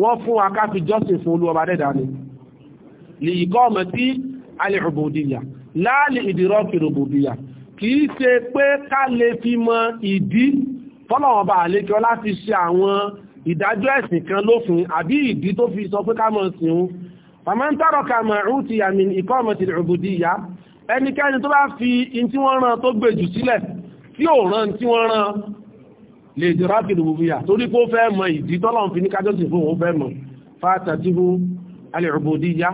wọ́n fún wa ká fi jọ́sìn fún olúwa dẹ́dà ni lè yíkọ́ ọmọ tí alìrùbòdìyà láàlì ìdírọ́kì rùbòdìyà kìí ṣe pé ká lè fi mọ ìdí fọ́lọ̀wọ̀n bá àlékọ́ láti ṣe àwọn ìdájọ́ ẹ̀sìn kan lófin àbí ìdí tó fi sọ pé ká mọ̀ sí un pàmẹ́ntàrọ̀ ká mọ̀ ẹ̀rù ti àmì ìkọ́ ọmọ ti rùbòdìyà ẹnikẹ́ni tó bá fi in wọ́n rán tó gbèjù sílẹ̀ tí ò rán tí wọ́n rán lè jẹ́ rákìlì bùbíyà torí pé ó fẹ́ mọ ìdí tọ́lọ́run fi ní kájọ́ sí fún òun fẹ́ mọ̀ fàtàjíbú alẹ́rùbòdíyà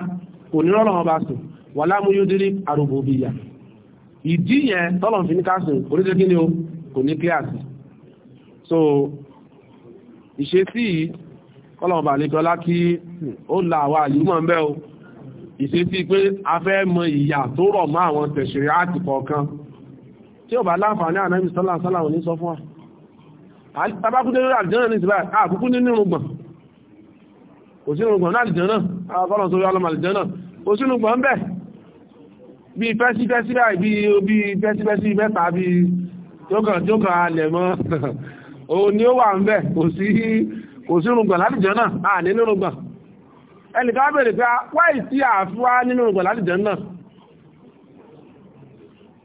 kò ní rọ́lọ́run bá sùn wà lámúyúdírí àrùbòdíyà ìdí yẹn tọ́lọ́run fi ní kásùn oríṣẹ́ kí ni o kò ní kíláàsì so ìṣesí kọ́lọ̀ọ̀bà nìkọlá kí ó la àwa àlúmọ̀ ń bẹ́ o ìṣesí pé a fẹ́ mọ ìyà tó rọ̀ mọ́ àwọn tẹ̀sìrì àti kọ̀ọ̀kan tí ò bá láǹfààní ànábì sọ́lá sọ́lá ò ní sọ fún wa àbákúté lórí àlìjẹ́nà ní ìsìláì àkúkú ní nírùngbọ̀n kò sí nírùngbọ̀n ní àlìjẹ́nà àbálọ̀ sórí alọ́mà àlìjẹ́nà kò sí nírùngbọ̀n bẹ́ẹ̀ bí pẹ́sípẹ́sí àìbí bí pẹ́sípẹ́sí mẹ́ta bí jókànjókà alẹ̀mọ́ òun ni ó wà ń bẹ̀ kò sí nírùngbọ̀n láàlìjẹ́nà à ní nírùngbọ̀n ẹnìkan bèèrè pé wáì tí àfúwá nínú nírùngbọ̀n láàlìjẹ́nà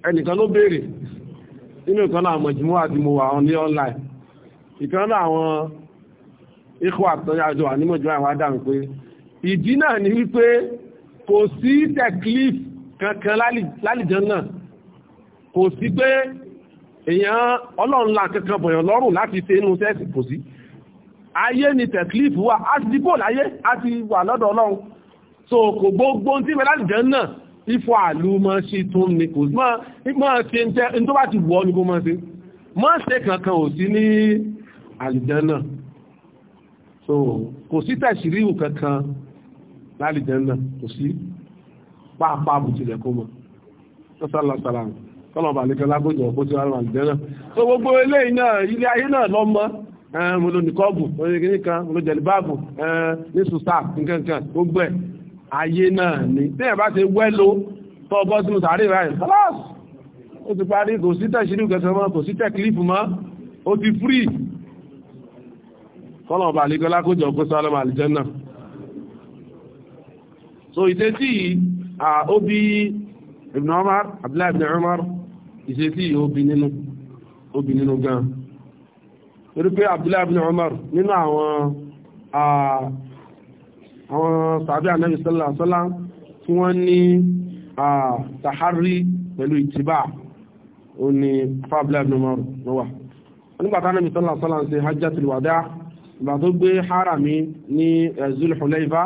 ẹnìkan ló ìkan náà mọ̀jùmọ́ àti mo wà online ìkan náà àwọn ikú àtọ́jájọ ànímọ̀jọ́ àwọn adáhùn pé ìdí náà ni wípé kò sí teklif kankan lálìjẹ́ náà kò sí pé èèyàn ọlọ́nlá kankan bọ̀yàn lọ́rùn láti ṣe inú sẹ́ẹ̀sì kò sí ayé ni teklif wà á ti dìbò láyé á ti wà lọ́dọ̀ ọlọ́run so kò gbogbo tí wẹ́ lálìjẹ́ náà ifọ̀ àlú mọ́ sí tún ni kò sí mọ́ ṣe ń tó bá ti wọ́ ni kó mọ́ ṣe mọ́ ṣe kankan ò sí ní àlìjánà so kò sí tẹ̀síríwù kankan lálìjánà kò sí pàápàá bùtìlẹ̀ kó mọ̀ sọ́sàlọ́sàlá tọ́lọ̀bà nìkan lágbójọ ọ̀pọ̀ tí wọ́n àlìjánà so gbogbo eléyìí náà ilé ayé náà lọ́mọ mo lo nìkọ́bù oníkan mo lo jẹ̀lìbáàbù ní sùsà nǹkankan gbogbo ẹ̀ ayé náà ni tẹ́yẹ̀ bá ti wẹ́ lo tọ́ bọ́ sínú sàárè ráyẹ̀ ó ti parí kò sí tẹ̀síríwù kankan mọ́ kò sí tẹ̀kílífù mọ́ ó ti free kọ́lọ̀ ọba àlejò lákòjọ kó sálọ́mà àlìjẹ́nà so ìṣesí òbí ibn Umar Abdullahi ibn Umar ìṣesí òbí nínú òbí nínú gan torí pé Abdullahi ibn Umar nínú àwọn àwọn sàbí ànábì sallallahu alaihi wasallam tí wọ́n ní tàhárí pẹ̀lú ìtìbà ó ní fábílẹ̀ ibn Umar lọ́wà nígbàtà ànábì sallallahu alaihi wasallam ṣe hajjatul wada' ìgbà tó gbé harami ní eh, zulhulayfa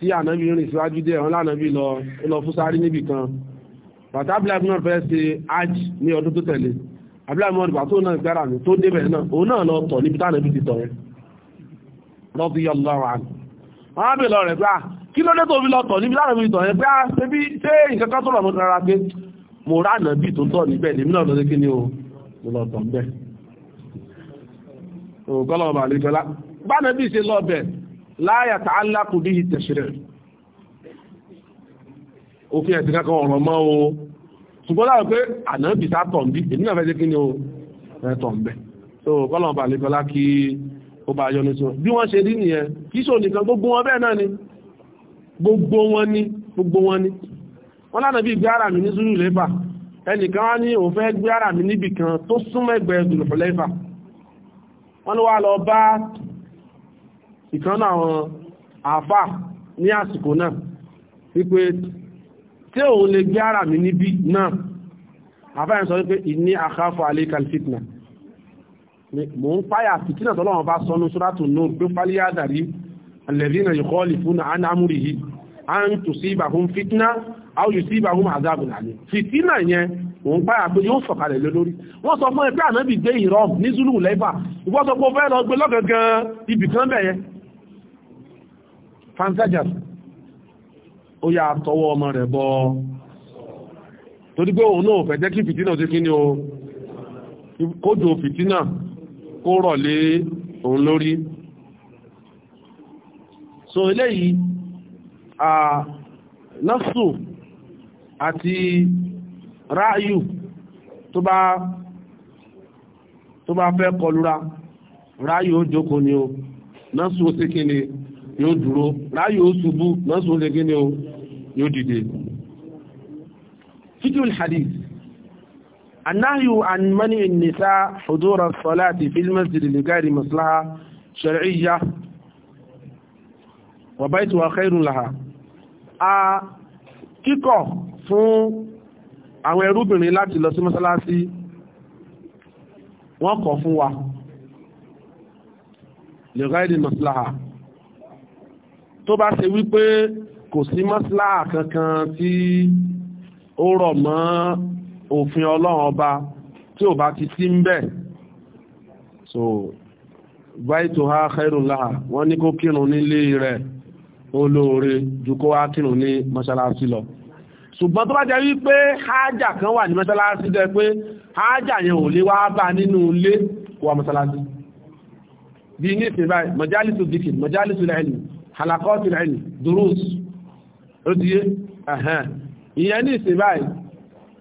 tí ànábì rìn síwájú dé ẹ̀wọ̀n lánàbì lọ lọ fún sáré níbì kan bàtà abdulhamid fẹ́ ṣe hajj ní ọdún tó tẹ̀lé abdulhamid bàtà òun náà gbára mi tó débẹ̀ náà òun náà lọ tọ̀ níbi tánàbì ti tọ̀ yẹn radiyallahu anhu wọ́n á bèèrè lọ rẹ̀ pé à ah, kí ló dé tó fi lọ tọ̀ níbi láàrin ìtọ̀ yẹn pé à ah, ṣe ṣé nǹkan kan tó rọ̀ ògbọ́lọ́ọ̀bà àlejọ́lá bánàbí ṣe lọ́ọ̀bẹ̀ láyà tààlà kù bí tẹ̀ṣẹ̀rẹ̀ òfin ẹ̀sìn kankan ọ̀rọ̀ mọ́ o ṣùgbọ́n láwọn pé ànábì sá tọ̀m̀bí èmi náà fẹ́ ṣe kí ni o tọ̀m̀bẹ̀ so ògbọ́lọ́ọ̀bà àlejọ́lá kí ó bá yọ nítorí bí wọ́n ṣe rí ni gbogbo ni gbogbo ni wọ́n lánàbí gbé ara mi ní sùúrù lẹ́fà ẹnìkan wá ní òun fẹ́ gbé ara mi níbì tó súnmọ́ ẹgbẹ́ ìdùnnú wọ́n ló wá lọ bá ìkan àwọn àfà ní àsìkò náà wípé tí òun lè gbé ara mi níbí náà àfà yẹn sọ wípé ìní àkáfà alékàl fitna mo ń páyà fìtínà tọ́lọ́wọ́n bá sọ́nú sóràtù nóòrù pé fálíyádàrí alladhina yukhalifuna an amrihi an tusibahum fitna aw yusibahum azabun alim fìtínà yẹn òun páyà pé yóò sọ̀kalẹ̀ lé lórí wọ́n sọ fún ẹ pé ànábì dé ìrọ́m ní zulu lẹ́bà ìwọ́n sọ pé ó fẹ́ lọ gbé lọ́gangan ibì kan bẹ̀ yẹn fansajas ó yà tọwọ́ ọmọ rẹ̀ bọ́ torí pé òun náà fẹ́ jẹ́ kí fìtínà ti kí ni o kójò fìtínà kó rọ̀ lé òun lórí so eléyìí násù àti ráàyù tó bá tó bá fẹ́ kọlura ráàyù ó jókòó ni o nọ́ọ̀sù ó sì kí ni yóò dúró ráàyù ó ṣubú nọ́ọ̀sù ó lè kí ni o yóò dìde fíjú hadith annáhíu an mani nisa hudura salati fil masjid li ghairi maslaha shar'iyya wa baytuha khairun laha àwọn ẹrúbìnrin láti lọ sí mọ́sálásí wọ́n kọ̀ fún wa lè ráìdì mọ́síláà tó bá ṣe wípé kò sí mọ́síláà kankan tí ó rọ̀ mọ́ òfin ọlọ́run ọba tí ò bá ti sí ń bẹ̀ so báyìtò ha khairun laha wọ́n ní kó kírun nílé rẹ̀ olóore ju kó wá kírun ní mọ́sálásí lọ ṣùgbọ́n tó bá jẹ́ wípé hájà kan wà ní mọ́sálásí jẹ́ pé hájà yẹn ò lè wá bá nínú ilé wà mọ́sálásí bí ní ìpè báyìí mọ̀jálìsù dìkì mọ̀jálìsù lẹ́ẹ̀lì halakọ́tù lẹ́ẹ̀lì durus ó ti yé ẹ̀hẹ́n ìyẹn ní ìpè báyìí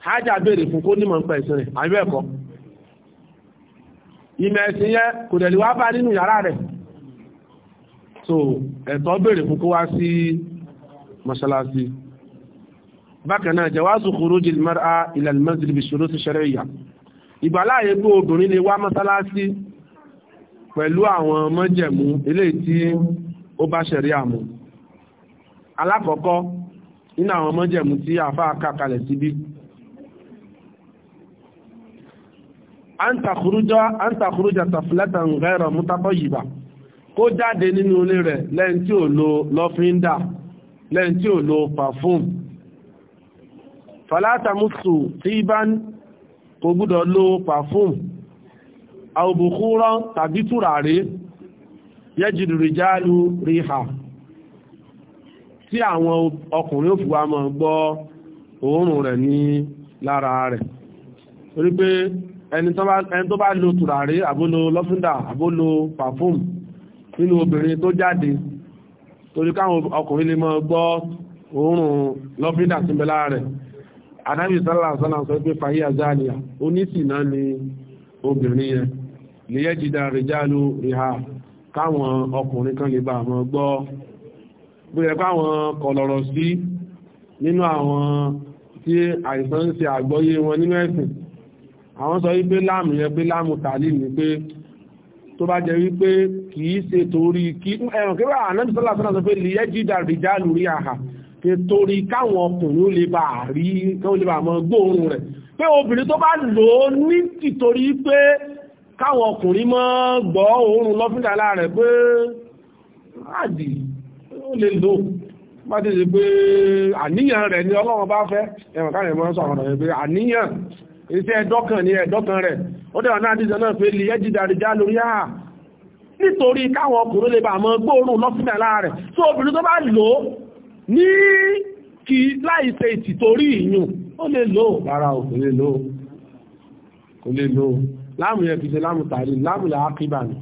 hájà béèrè fún kó nímọ̀ nípa ẹ̀sìn rẹ̀ àbí bẹ́ẹ̀ ìmọ̀ ẹ̀sìn yẹn kò dẹ̀ lè wá bá nínú yàrá rẹ̀ so ẹ̀tọ́ béèrè fún kó wá sí mọ́sálásí bákan náà jawazu khuruj al-mar'a ila al-masjid bi shurut shar'iyya ìgbàláyé pé obìnrin lè wá mọ́sálásí pẹ̀lú àwọn mọ́jẹ̀mú eléyìí tí ó bá ṣẹ̀ríà mu alákọ̀ọ́kọ́ nínú àwọn mọ́jẹ̀mú tí àfáà kà kalẹ̀ síbí anta khuruja taflatan ghayra mutatayyiba kó jáde nínú ilé rẹ̀ lẹ́yìn tí ò lo lọ́fíńdà lẹ́yìn tí ò lo pàfúùmù fàlátàmùsù tí ìbán kò gbúdọ̀ lo pàfún àwòbùkúrọ́ tàbí tùràrí yẹ́jìdù rìjálù ríhà tí àwọn ọkùnrin òfùwà mọ̀ gbọ́ òórùn rẹ̀ ní lára rẹ̀ torí pé ẹni tó bá lo tùràrí àbólo lọ́fíndà àbólo pàfún nínú obìnrin tó jáde torí káwọn ọkùnrin lè mọ̀ gbọ́ òórùn lọ́fíndà sí bẹ́lá rẹ̀ anábì sálà sálà sọ pé fàyí àzáàlìyà onísìnà ni obìnrin yẹn lè yẹ́ jìdá rìjálù rìhà káwọn ọkùnrin kan lè bá àwọn gbọ́ bóyẹ káwọn kọlọ̀rọ̀ sí nínú àwọn tí àìsàn ń ṣe àgbọ́yé wọn nínú ẹ̀sìn àwọn sọ wípé láàmù yẹn pé láàmù tàlí ni pé tó bá jẹ wípé kìí ṣe torí kí ẹ̀rùn kí wà ànábì sálà sálà sọ pé lè yẹ́ jìdá rìjálù rìhà torí káwọn ọkùnrin ó lè bá rí káwọn lè bá mọ gbóòórùn rẹ̀ pé obìnrin tó bá lò ó ní tìtorí pé káwọn ọkùnrin mọ́ gbọ́ òórùn lọ́fíńdà láàrẹ̀ pé àdì ó lè lò bá ti ṣe pé àníyàn rẹ̀ ni ọlọ́run bá fẹ́ ẹ̀wọ̀n káàrẹ̀ mọ́ sọ àwọn ọ̀rọ̀ pé àníyàn iṣẹ́ ẹ̀dọ́kàn ni ẹ̀dọ́kàn rẹ̀ ó dẹ̀wọ̀n náà dìjọ náà pé lìyẹ́ jìdàrí já lórí àà nítorí káwọn ọkùnrin lè bà mọ́ gbóòórùn lọ́fíńdà láàrẹ̀ tó obìnrin tó bá lò ó ní kí láìṣe ìtìtorí ìyún ó lè lò rárá ò kò lè lò kò lè lò láàmù yẹn kìí ṣe láàmù tààrí láàmù lè ákíbà ní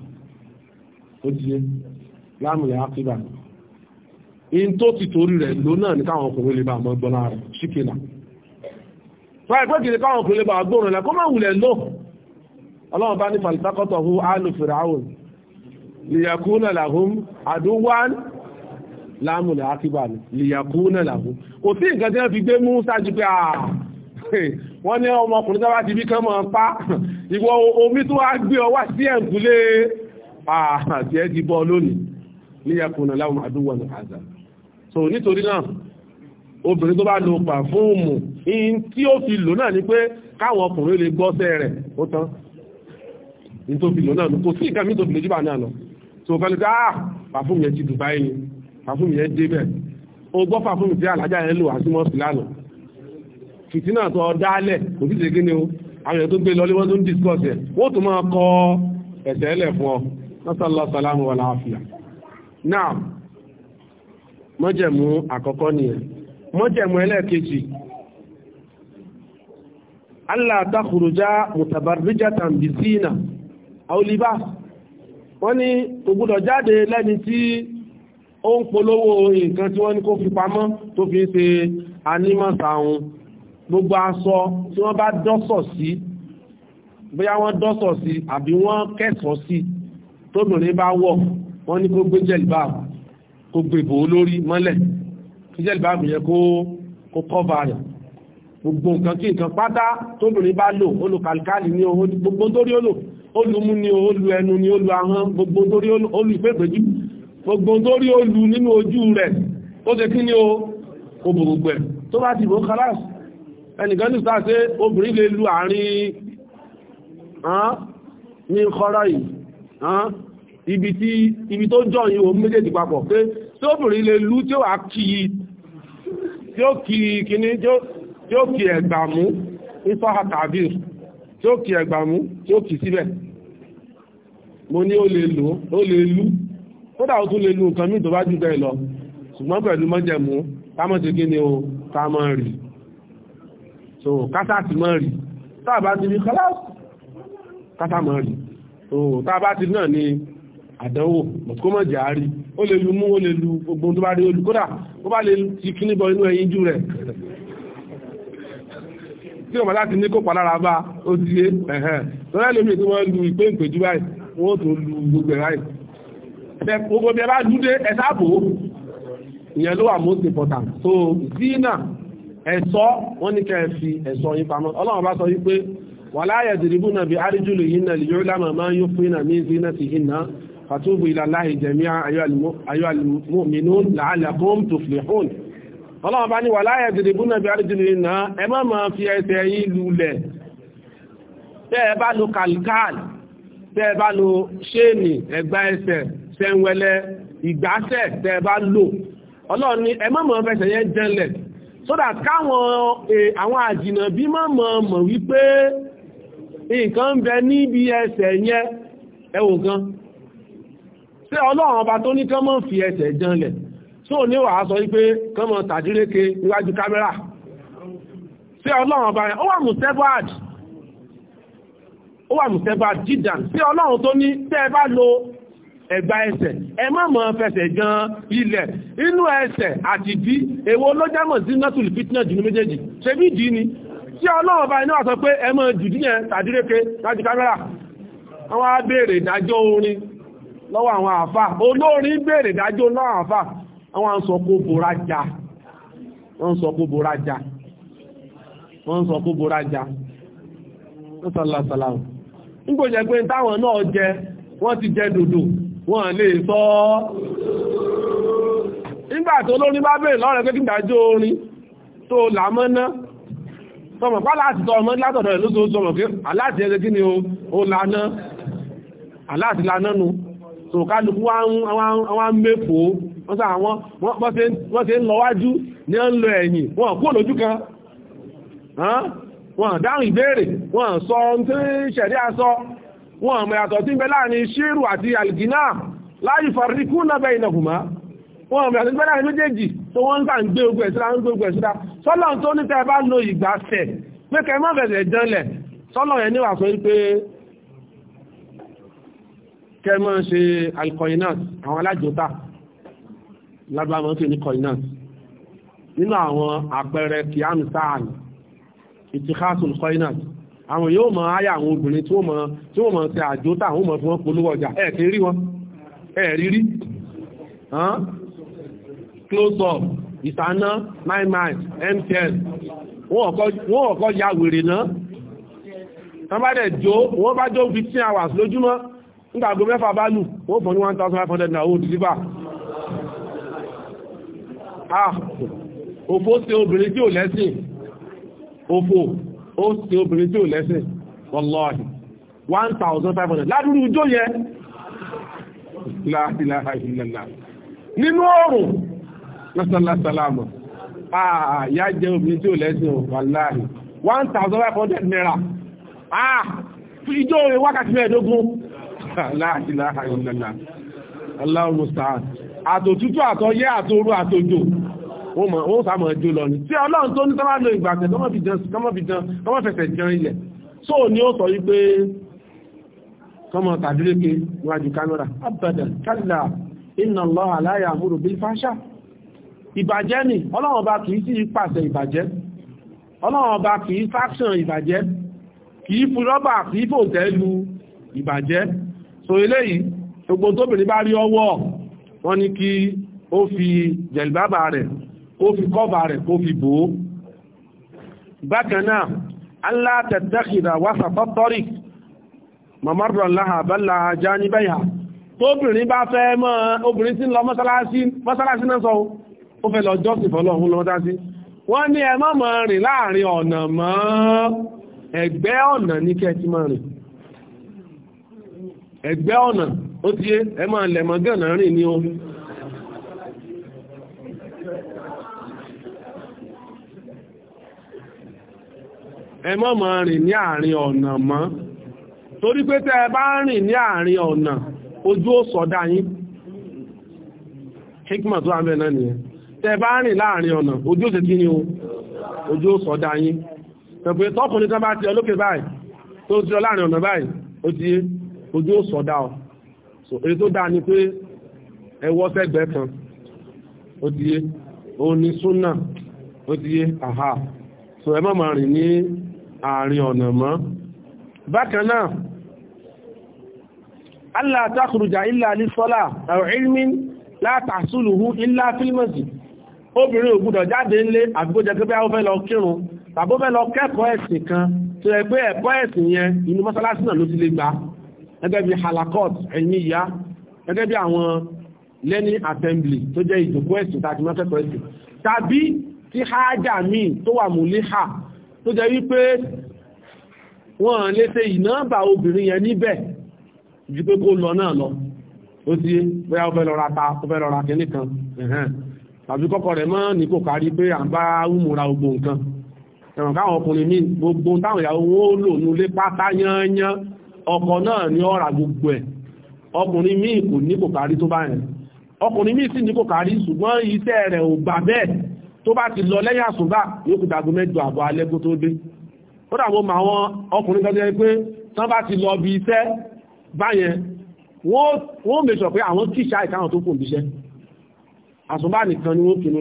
ó ti yé láàmù lè ákíbà ní in tó ti torí rẹ̀ ló náà ní káwọn ọkùnrin lè bá mọ́ gbọ́nà rẹ̀ ṣíkìlà fún kìí káwọn ọkùnrin lè bá gbọ́nà rẹ̀ kó má wulẹ̀ lò ọlọ́run bá ní fàlìsákọ́tọ̀ hu alu fìràwùn lìyàkúnà làhùn àdúwán láàmùlẹ̀ àkíbà ní lìyàkú náà làkú kò sí nǹkan tí wọ́n fi gbé mú sáájú pé àà ah, wọ́n ní ọmọkùnrin tó bá ti bí kán mọ́ pa ìwọ omi tó wá gbé ọwá sí ẹ̀ǹkúlé ah, àti ẹ́ ti bọ́ lónìí lìyàkú náà láwọn àzà so nítorí náà obìnrin tó bá lo pàfúùmù in tí ó fi lò náà ni pé káwọn ọkùnrin so kọ́ni ká ah, pàfúùmù yẹn ti dùbáyé fàfúmù yẹn débẹ̀ o gbọ́ fàfúmù tí alájà yẹn lò àti mọ́ọ̀sì lánàá fìtínà tó dálẹ̀ kò sí ṣe kí ni o àwọn èèyàn tó gbé lọlé wọ́n tó ń discuss ẹ̀ wọ́n tó máa kọ ẹ̀sẹ̀ ẹlẹ̀ fún ọ lọ́sàlọ́ sàlámù wà láàfíà náà mọ́jẹ̀mú àkọ́kọ́ nìyẹn mọ́jẹ̀mú ẹlẹ́ẹ̀kejì allah takuruja mutabarija tambisina aoliba wọ́n ní kò gbọ́dọ̀ jáde lẹ́ni tí ó ń polówó nǹkan tí wọ́n ní kó fi pamọ́ tó fi ń ṣe anímọ̀sàun gbogbo aṣọ tí wọ́n bá dọ́sọ̀ sí bóyá wọ́n dọ́sọ̀ sí àbí wọ́n kẹsọ̀ sí tóbìnrin bá wọ̀ wọ́n ní kó gbé jẹ̀lìbáàbù kó gbé bò ó lórí mọ́lẹ̀ kí jẹ̀lìbáàbù yẹ kó kó kọ́va rẹ̀ gbogbo nǹkan kí nǹkan pátá tóbìnrin bá lò ó lo kàlíkàlì ní owó gbogbo torí ó lò ó lu mú ní owó lu ẹnu ní ó lu ahọ́n gbogbo torí ó ìfẹ́ ìgbẹ́jú gbogbo tó rí ó lu nínú ojú rẹ̀ ó ṣe kí ni o kò gbogbo ẹ̀ tó bá ti bó kálás ẹnìkan ní sáà ṣe obìnrin lè lu àárín ní kọ́rọ̀ yìí ibi tí ibi tó jọ yìí òun méjèèjì papọ̀ pé tí obìnrin lè lu tí ó wà kí tí ó kí kíní tí ó kí ẹ̀gbàmú ìfọ́ àtàbír tí ó kí ẹ̀gbàmú tí ó kí síbẹ̀ mo ní ó lè ó lè lú kódà ó tún lè lu nǹkan míì tó bá jù bẹ́ẹ̀ lọ ṣùgbọ́n pẹ̀lú mọ́jẹ̀mú kámọ́ ti gíní o ká mọ́ so kásá ti mọ́ rì táà bá ti rí kọ́lá kásá so táà bá ti náà ni àdánwò kó mọ̀ jà á rí ó lè lu mú ó lè lu gbogbo tó bá rí olú kódà ó bá lè ti kíní bọ inú ẹyin jù rẹ̀ tí ọ̀pá láti ní kópa lára bá ó ti yé ẹ̀hẹ́n lọ́lẹ́ lómi tí wọ́n lu ìpé ìpèjú báyìí wọ́n tó lu gbogbo ẹ̀ gbogbo bí ẹ bá dúdé ẹ sáàbò ìyẹn ló wà most important so zina ẹ̀ṣọ́ wọ́n ní kẹ́ ẹ fi ẹ̀ṣọ́ yín pamọ́ ọlọ́run bá sọ wípé wala yadribuna bi arjulihinna liyu'lama ma yufina min zinatihinna fatubu ila Allahi jami'an ayyuhal ní wà láyé iná ẹ má máa fi sẹ́ńwẹ́lẹ́ ìgbásẹ̀ tẹ́ bá lò ọlọ́run ni ẹ mọ́mọ́ fẹsẹ̀ yẹn jẹ́lẹ̀ sódà káwọn e, àwọn àjìnà bí mọ́mọ́ mọ̀ wípé nǹkan ń bẹ níbi ẹsẹ̀ yẹn ẹwò kan ṣé ọlọ́run ọba tó ní kán mọ́ fi ẹsẹ̀ jẹ́lẹ̀ tó ní wàá sọ wípé kán mọ́ tàdíréke níwájú kámẹ́rà ṣé ọlọ́run ọba yẹn ó wà mú sẹ́bàd ó wà mú sẹ́bàd jídàn ṣé ọlọ́run tó ní tẹ́ bá lo ẹ̀gbà ẹsẹ̀ ẹ má mọ̀ fẹsẹ̀ gan ilẹ̀ inú ẹsẹ̀ àti ìdí èwo ló sí nọ́tùlù fitna jù ní méjèèjì ṣe bí ìdí ni tí ọlọ́run bá iná wà pé ẹ mọ̀ jùdí yẹn láti kámẹ́rà ìdájọ́ orin lọ́wọ́ àwọn àfà olórin ìdájọ́ lọ́wọ́ àfà ń sọ kó bora jà ń náà jẹ wọ́n ti dòdò wọ́n lè sọ nígbà tó bá bèèrè lọ́rẹ̀ pé kígbàjó orin tó làmọ́ná sọmọ̀ pá láti tọ ọmọ látọ̀dọ̀ ẹ̀ lóṣòó sọmọ̀ pé aláti ẹgbẹ́ kí ni ó lànà aláti lànà nu so kálukú àwọn ń lọ wọ́n kó wọ́n wọn àmọ́ yàtọ̀ tí ń bẹ láàrin ṣírù àti algina láyé faríkú lábẹ́ ìnàkùnmá wọn àmọ́ yàtọ̀ tí ń bẹ láàrin méjèèjì tó wọ́n ń tà ń gbé ogun ẹ̀síra ń gbé ogun ẹ̀síra sọ́lọ̀ tó ní tẹ́ bá lo ìgbàsẹ̀ pé kẹ́ mọ́ bẹ̀rẹ̀ janlẹ̀ sọ́lọ̀ yẹn níwà sọ pé kẹ́ mọ́ ṣe alkoinat àwọn alájọta lábàmọ́ sí ní koinat nínú àwọn àpẹẹrẹ kìámsáàlì ìtìkásùl koinat àwọn yóò mọ ayé àwọn obìnrin tí wọ́n mọ tí wọ́n mọ ṣe àjò táwọn mọ fún wọn polówó ọjà ẹ̀ ti rí wọn ẹ̀ rí rí close up ìsáná nine nine mtn wọ́n ọ̀kọ́ ya wèrè náà wọ́n bá dẹ̀ jó wọ́n bá jó fifteen hours lójúmọ́ nígbàgbó mẹ́fà bá lù wọ́n fọ́ ní one thousand five hundred naira deliver ah òfò ṣe obìnrin tí ò lẹ́sìn òfò ó ṣe obìnrin tí ò lẹ́sẹ̀ wallahi 1500 ládúrú ijó yẹ la ilaha illallah nínú oòrùn lásàlásàlámọ̀ àyà jẹ́ obìnrin tí ò lẹ́sẹ̀ wallahi 1500 naira ah ijó rẹ̀ wákàtí mẹ́ẹ̀dógún la ilaha illallah Allahu musta'an àtòtútù àtọyẹ́ àtòrú àtòjò wọ́n sàmọ̀ ẹjọ́ lọ ní tí ọlọ́run tó ní tọ́lá lo ìgbàtẹ̀ tọ́mọ́ fẹ̀sẹ̀ jẹun ilẹ̀ so ni ó sọ wípé kọmọ tàbíléke wájú kámẹ́rà abadan kálà inna Allaha la ya'muru bil fahsha ìbàjẹ́ ni ọlọ́run ọba kìí sí pàṣẹ ìbàjẹ́ ọlọ́run ọba kìí fáṣàn ìbàjẹ́ kìí fún rọ́bà kìí fòǹtẹ́ lu ìbàjẹ́ so eléyìí gbogbo ni kí ó fi jẹ̀lbábà rẹ̀ kó fi kọ́bà rẹ̀ kó fi bò ó bákan náà Allah tattakhidha wasata tariq mamarran laha bal laha janibayha tóbìnrin bá fẹ́ mọ́ obìnrin tí ń lọ mọ́sálásí mọ́sálásí náà sọ ó fẹ́ lọ jọ́sìn fọ́lọ́hún lọ mọ́sálásí wọ́n ní ẹ má mọ́ rìn láàrin ọ̀nà mọ́ ẹ̀gbẹ́ ọ̀nà ní kẹ́ẹ̀tì mọ́ rìn ẹ̀gbẹ́ ọ̀nà ó ti yé ẹ máa lẹ̀mọ́ gànà rìn ní ohun ẹ má ní àárín ọ̀nà mọ́ torí pé tẹ́ bá ń rìn ní àárín ọ̀nà ojú ó sọ̀dá yín hikma tó àbẹ̀ náà nìyẹn tẹ́ bá ń rìn láàárín ọ̀nà ojú ó sì kí ni ojú ó sọ̀dá yín pẹ̀pẹ̀ tọ́kùnrin tán bá ti ọlókè báyìí tó ti ọ ọ̀nà àárín ọ̀nà mọ́ bákan náà Allah takhruja illa ní sọ́lá aw ilmin la tahsuluhu illa fil masjid obìnrin ò gbọ́dọ̀ jáde ńlé àgbójẹ́ pé bí a fẹ́ lọ kírun tàbó fẹ́ lọ kẹ́kọ̀ọ́ ẹ̀sìn kan tó yẹ pé ẹ̀kọ́ ẹ̀sìn yẹn inú mọ́sálásí náà ló ti lè gbà gẹ́gẹ́ bí halakot ẹ̀yìn míì tó wà múlé hà tó jẹ́ wípé wọ́n lè ṣe ìnáàbà obìnrin yẹn níbẹ̀ ju pé kó lọ náà lọ ó ti bóyá ó fẹ́ lọ ra ta ó fẹ́ lọ ra kìíní kan tàbí kọ́kọ́ rẹ̀ mọ́ ní kò kárí pé à ń bá wúmura gbogbo nǹkan ẹ̀wọ̀n káwọn ọkùnrin míì gbogbo táwọn ìyàwó wọn ó lò nulé pátá yányán ọkọ náà ní ọ̀rà gbogbo ẹ̀ ọkùnrin míì kò ní kò kárí tó bá yẹn ọkùnrin míì sì ní kò kárí ṣùgbọ́n iṣẹ́ rẹ̀ ò gbà bẹ́ẹ̀ tó bá ti lọ lẹ́yìn àsùnbà yóò kù dàgbò mẹ́jọ àbọ̀ alẹ́ kó tó dé ó dàbò mà àwọn ọkùnrin kan jẹ́ pé tán bá ti lọ bí iṣẹ́ báyẹn wọ́n mẹ́sọ̀ pé àwọn tíṣà ìkáwọn tó kùn bíṣẹ́ àsùnbà nìkan ni wọ́n kìnnú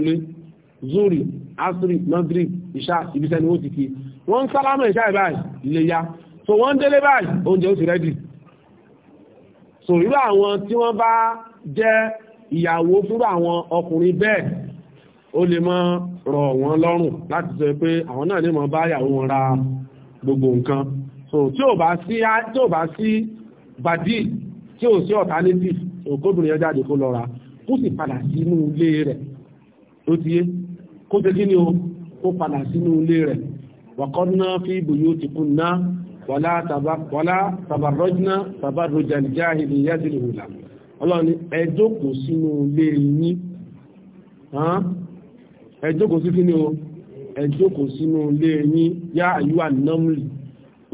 zuri asiri nandri ìṣà ibiṣẹ́ ni wọ́n ti fi wọ́n ń sálámọ̀ ìṣà ìbáyìí ilé ya so wọ́n ń délé báyìí so irú àwọn tí wọ́n bá jẹ́ ìyàwó fúrú àwọn ọkùnrin bẹ́ẹ̀ ó lè mọ́ rọ̀ wọ́n lọ́rùn láti sọ pé àwọn náà ní mọ̀ bá yàwó wọn ra gbogbo nǹkan so tí ò bá sí tí ò bá sí badi tí ò sí alternative òkóbìnrin yẹn jáde kó lọ ra kó sì padà sínú ilé rẹ̀ tó ti yé kó ṣe kí ni o kó padà sínú ilé rẹ̀ wàkọ́ná fi buyutikunna wàlá tàbàrọ́jìnà tàbàrọ́jà ìjáhìlì yájìlì hùlà ọlọ́ni ẹ ẹ jókòó sí kíni o ẹ jókòó sínú ilé yín yá àyúwà nọ́mùlì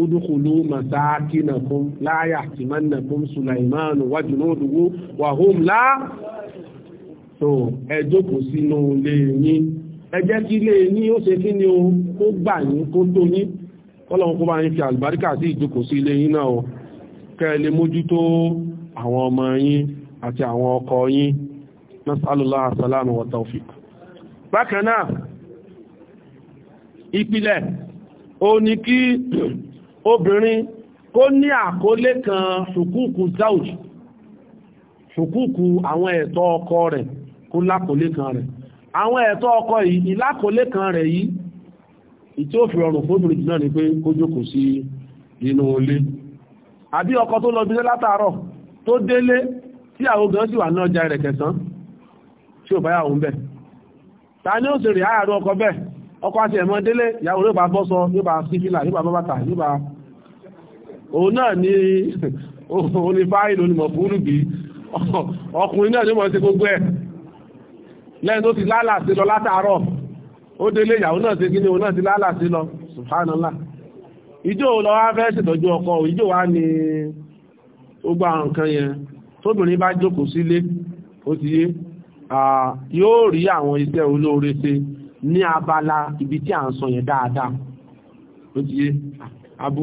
udukulu masakinakum la yahtimannakum sulaimanu wa junuduhu wa hum la so ẹ jókòó sínú ilé yín ẹ jẹ́ kí ilé yín ó ṣe kíni o kó gbà yín kó tó yín kọ́lọ̀un kó bá yín fi àlùbáríkà sí ìjókòó sí ilé yín náà o kẹ́ lè mójútó àwọn ọmọ yín àti àwọn ọkọ yín nasallallahu salamu wa tawfiq bákan náà ìpìlẹ̀ ó ní kí obìnrin kó ní àkólé kan ṣùkúùkù zauj ṣùkúùkù àwọn ẹ̀tọ́ ọkọ rẹ̀ kó lákòólé kan rẹ̀ àwọn ẹ̀tọ́ ọkọ yìí ìlákòólé kan rẹ̀ yìí ìtí ó fi rọrùn fóbìnrin náà ni pé kó jókòó sí inú ilé àbí ọkọ tó lọ bílé látàárọ̀ tó délé tí àwọn gan sì wà ní ọjà rẹ̀ kẹsàn tí ò báyàwó ń bẹ̀ ta ni ó sì rí àárọ̀ ọkọ̀ bẹ́ẹ̀ ọkọ̀ àti ẹ̀mọ́ délé ìyàwó yóò bá bọ́ sọ yóò bá sí fílà yóò bá bọ́ bàtà yóò bá òun náà ni onífáì lónìmọ̀ fúrú bí ọkùnrin náà ni mo ti gbogbo ẹ̀ lẹ́yìn tó ti lálà sí lọ látàárọ̀ ó délé ìyàwó náà ti gíní òun náà ti lálà sí lọ subhanallah ìjó lọ wá fẹ́ ṣètọ́jú ọkọ ìjó wá ni ó gba nǹkan yẹn tóbìnrin bá jókòó sílé ó ti yé yóò rí àwọn iṣẹ́ olóore ṣe ní abala ibi tí à ń sọ yẹn dáadáa ó ti yé abú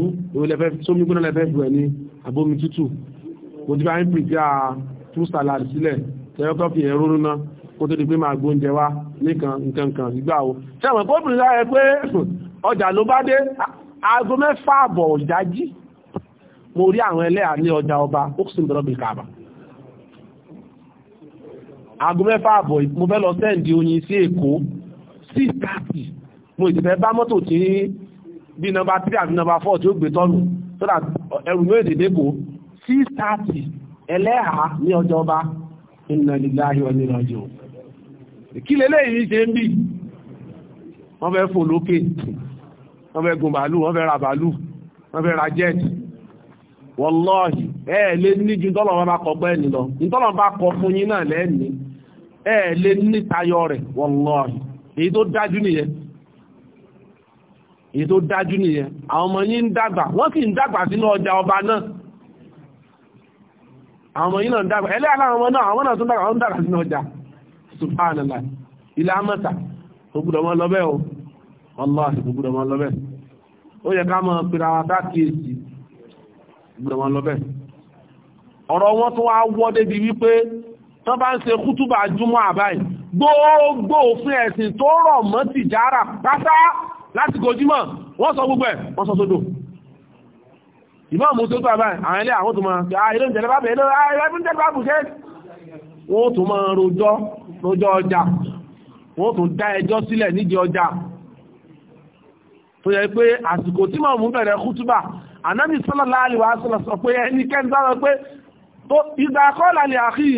sómi gbóná lẹ́fẹ́ bù ẹ̀ ní abómi tútù kò tí bá ń pè já tú salad sílẹ̀ tẹ́lẹ́kọ́ fi ẹ̀rọ rúná kó tó di pé máa gbóúnjẹ wá nìkan nǹkan kan ìgbà wo ṣẹ́wọ̀n kó bìnrin láyẹ pé ọjà ló bá dé aago mẹ́fà àbọ̀ ọ̀dájí mo rí àwọn ẹlẹ́yà ní ọjà ọba ó sì ń bẹ̀rọ̀ bìkàbà aago mẹ́fà àbọ̀ mo fẹ́ lọ sẹ́ǹdì oyin sí èkó six thirty mo ìtìfẹ́ bá mọ́tò tí bí nọmba three àti nọmba four tí ó gbé tọ́nu so that ẹrù mi ò dé dé kó six thirty ẹlẹ́hà ní ọjọ́ ọba inna lillahi wa inna ilaihi raji'un kí leléyìí ṣe ń bì wọ́n fẹ́ fò lókè wọ́n fẹ́ gun bàálù wọ́n fẹ́ ra bàálù wọ́n fẹ́ ra jẹ́ẹ̀tì wallahi ẹ̀ lé níjú tọ́lọ̀ bá kọ pẹ́ nì lọ nítọ́lọ̀ bá kọ fún yín náà lẹ́ẹ̀ni ẹ lè ní tayọ rẹ̀ wallahi èyí tó dájú nìyẹn èyí tó dájú nìyẹn àwọn ọmọ ń dàgbà wọ́n sì ń dàgbà sínú ọjà ọba náà àwọn ọmọ yín náà ń dàgbà ẹlẹ́ aláwọn ọmọ náà àwọn náà tó dàgbà wọ́n dàgbà sínú ọjà subhanallah ilẹ̀ amọ́ta tó gbúdọ̀ mọ́ lọ́bẹ̀ o tó gbúdọ̀ mọ́ lọ́bẹ̀ ó yẹ ká pèrè àwọn gbúdọ̀ mọ́ tó bá ń ṣe kútúbà júmọ́ àbáyìí gbogbo òfin ẹ̀sìn tó rọ̀ mọ́ tìjára pátá láti gojúmọ̀ wọ́n sọ gbogbo ẹ̀ wọ́n sọ sódò ìmọ̀ mú tó tó àbáyìí àwọn ilé àwọn tó máa fi ah, ààrẹ ìjẹ̀lẹ̀ bá bẹ̀rẹ̀ ààrẹ ìjẹ̀lẹ̀ ah, bá bùṣẹ́ wọ́n tó máa rojọ́ rojọ́ ọjà wọ́n tó dá ẹjọ́ sílẹ̀ nídìí ọjà tó yẹ pé ni àkíyì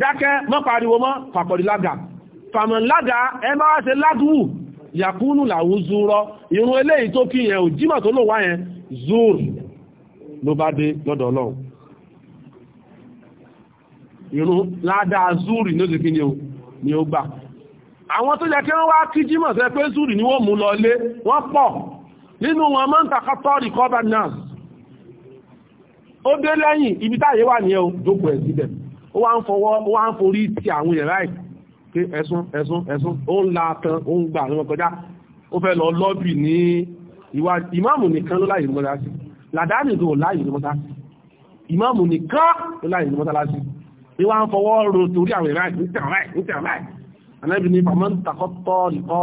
dákẹ́ mọ́ pariwo mọ́ pàpọ̀dì lága fàmọ̀ lága ẹ bá wá ṣe ládùú yàkúnù làwú zúrọ irun eléyìí tó kí yẹn òjímọ̀ tó lò wá yẹn zúr ló bá dé lọ́dọ̀ ọlọ́run irun ládàá zúr ní ó ti kí ni ó gbà ni wọ́n mú lọ lé wọ́n pọ̀ nínú wọn mọ́ ń takọ́tọ́ rìkọ́bà náà ó dé lẹ́yìn ibi táyé wà ní ẹ̀ o jókòó ẹ̀ síbẹ̀ ó wá ń fọwọ́ ó wá ń forí ti àwọn èèyàn láì pé ẹ̀sùn ẹ̀sùn ẹ̀sùn ó ń la tan ó ń gbà àwọn kọjá ó fẹ́ lọ lọ́bì ní ìwà ìmáàmù nìkan ló láyè mọ́ta sí làdáàdì tó láyè mọ́ta sí ìmáàmù nìkan ló láyè mọ́ta sí ni wá ń fọwọ́ ro torí àwọn èèyàn láì níta láì níta láì anábì ní pàmò ń takọ́tọ́ ìkọ́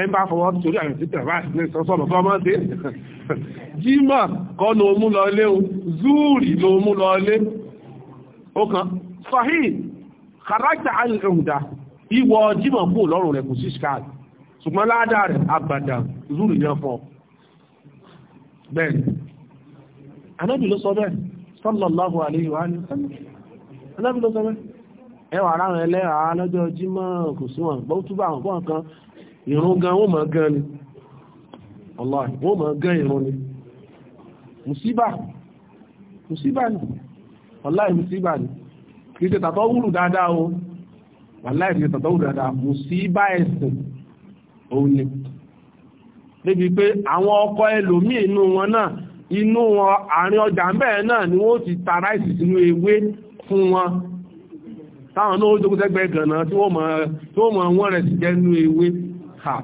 ẹn bá fọwọ́ torí àwọn ìsìnkà bá ṣe sọ́sọ́rọ̀ fọ́mọ́ sí jímọ̀ kọ́ ló mú lọ lé o zúùrì ló mú lọ lé ó kan sọ́hí kàrájà àìrìnrìnda ìwọ jímọ̀ kú lọ́rùn rẹ̀ kò sí ṣkáàd ṣùgbọ́n ládà rẹ̀ àgbàdà zúùrì yẹn fọ́ bẹ́ẹ̀ anábì ló sọ bẹ́ẹ̀ sallallahu alayhi wa sallam ẹwà ara rẹ̀ lẹ́ra lọ́jọ́ jímọ̀ kò sí wọn gbọ́ túbà wọn kan ìrún gan wọ́n máa gan ni Allah wọ́n máa gan ìrún ni musíbà musíbà ni Allah musíbà ni kìí ṣe tàtọ́ wúrù dáadáa o Allah kìí ṣe tàtọ́ wúrù dáadáa musíbà ẹ̀sìn òun ni níbi pé àwọn ọkọ ẹlòmíì inú wọn náà inú wọn àárín ọjà ń náà ni wọ́n ti ta ráìsì ewé fún wọn táwọn náà ó jókòó sẹ́gbẹ̀ẹ́ gànà tí wọ́n mọ̀ wọ́n rẹ̀ sì jẹ́ nínú ewé ha ah,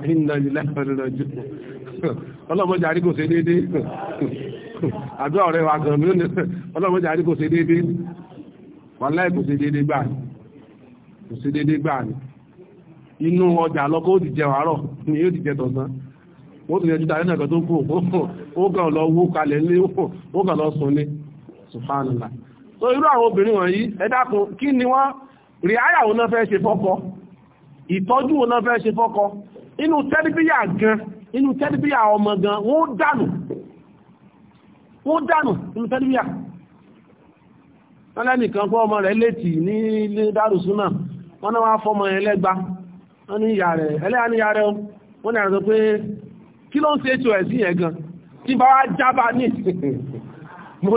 inú ọjà lọ́kọ́ ó ti jẹ wàárọ̀ ni yóò ti jẹ tọ̀sán ó ti yẹjú tàbí nàkan tó kù ó kàn lọ wó kalẹ̀ lé ó kàn lọ sùn ní subhanallah so irú àwọn obìnrin wọ̀nyí ẹ kí ni wọ́n rí àyàwó náà fẹ́ ṣe fọ́kọ inú tẹ́lifíyà gan inú tẹ́lifíyà ọmọ gan wọ́n dànù wọ́n dànù inú tẹ́lifíyà lẹ́nìkan kọ́ ọmọ rẹ̀ létí ní ilé dárùsúnà wọ́n náà wá fọ́mọ ẹlẹ́gba wọ́n ní ìyá rẹ̀ ẹlẹ́yà ní ìyá rẹ̀ wọ́n náà sọ pé kí ló ń ṣe ètò ẹ̀sìn yẹn gan tí bá wá jábà ní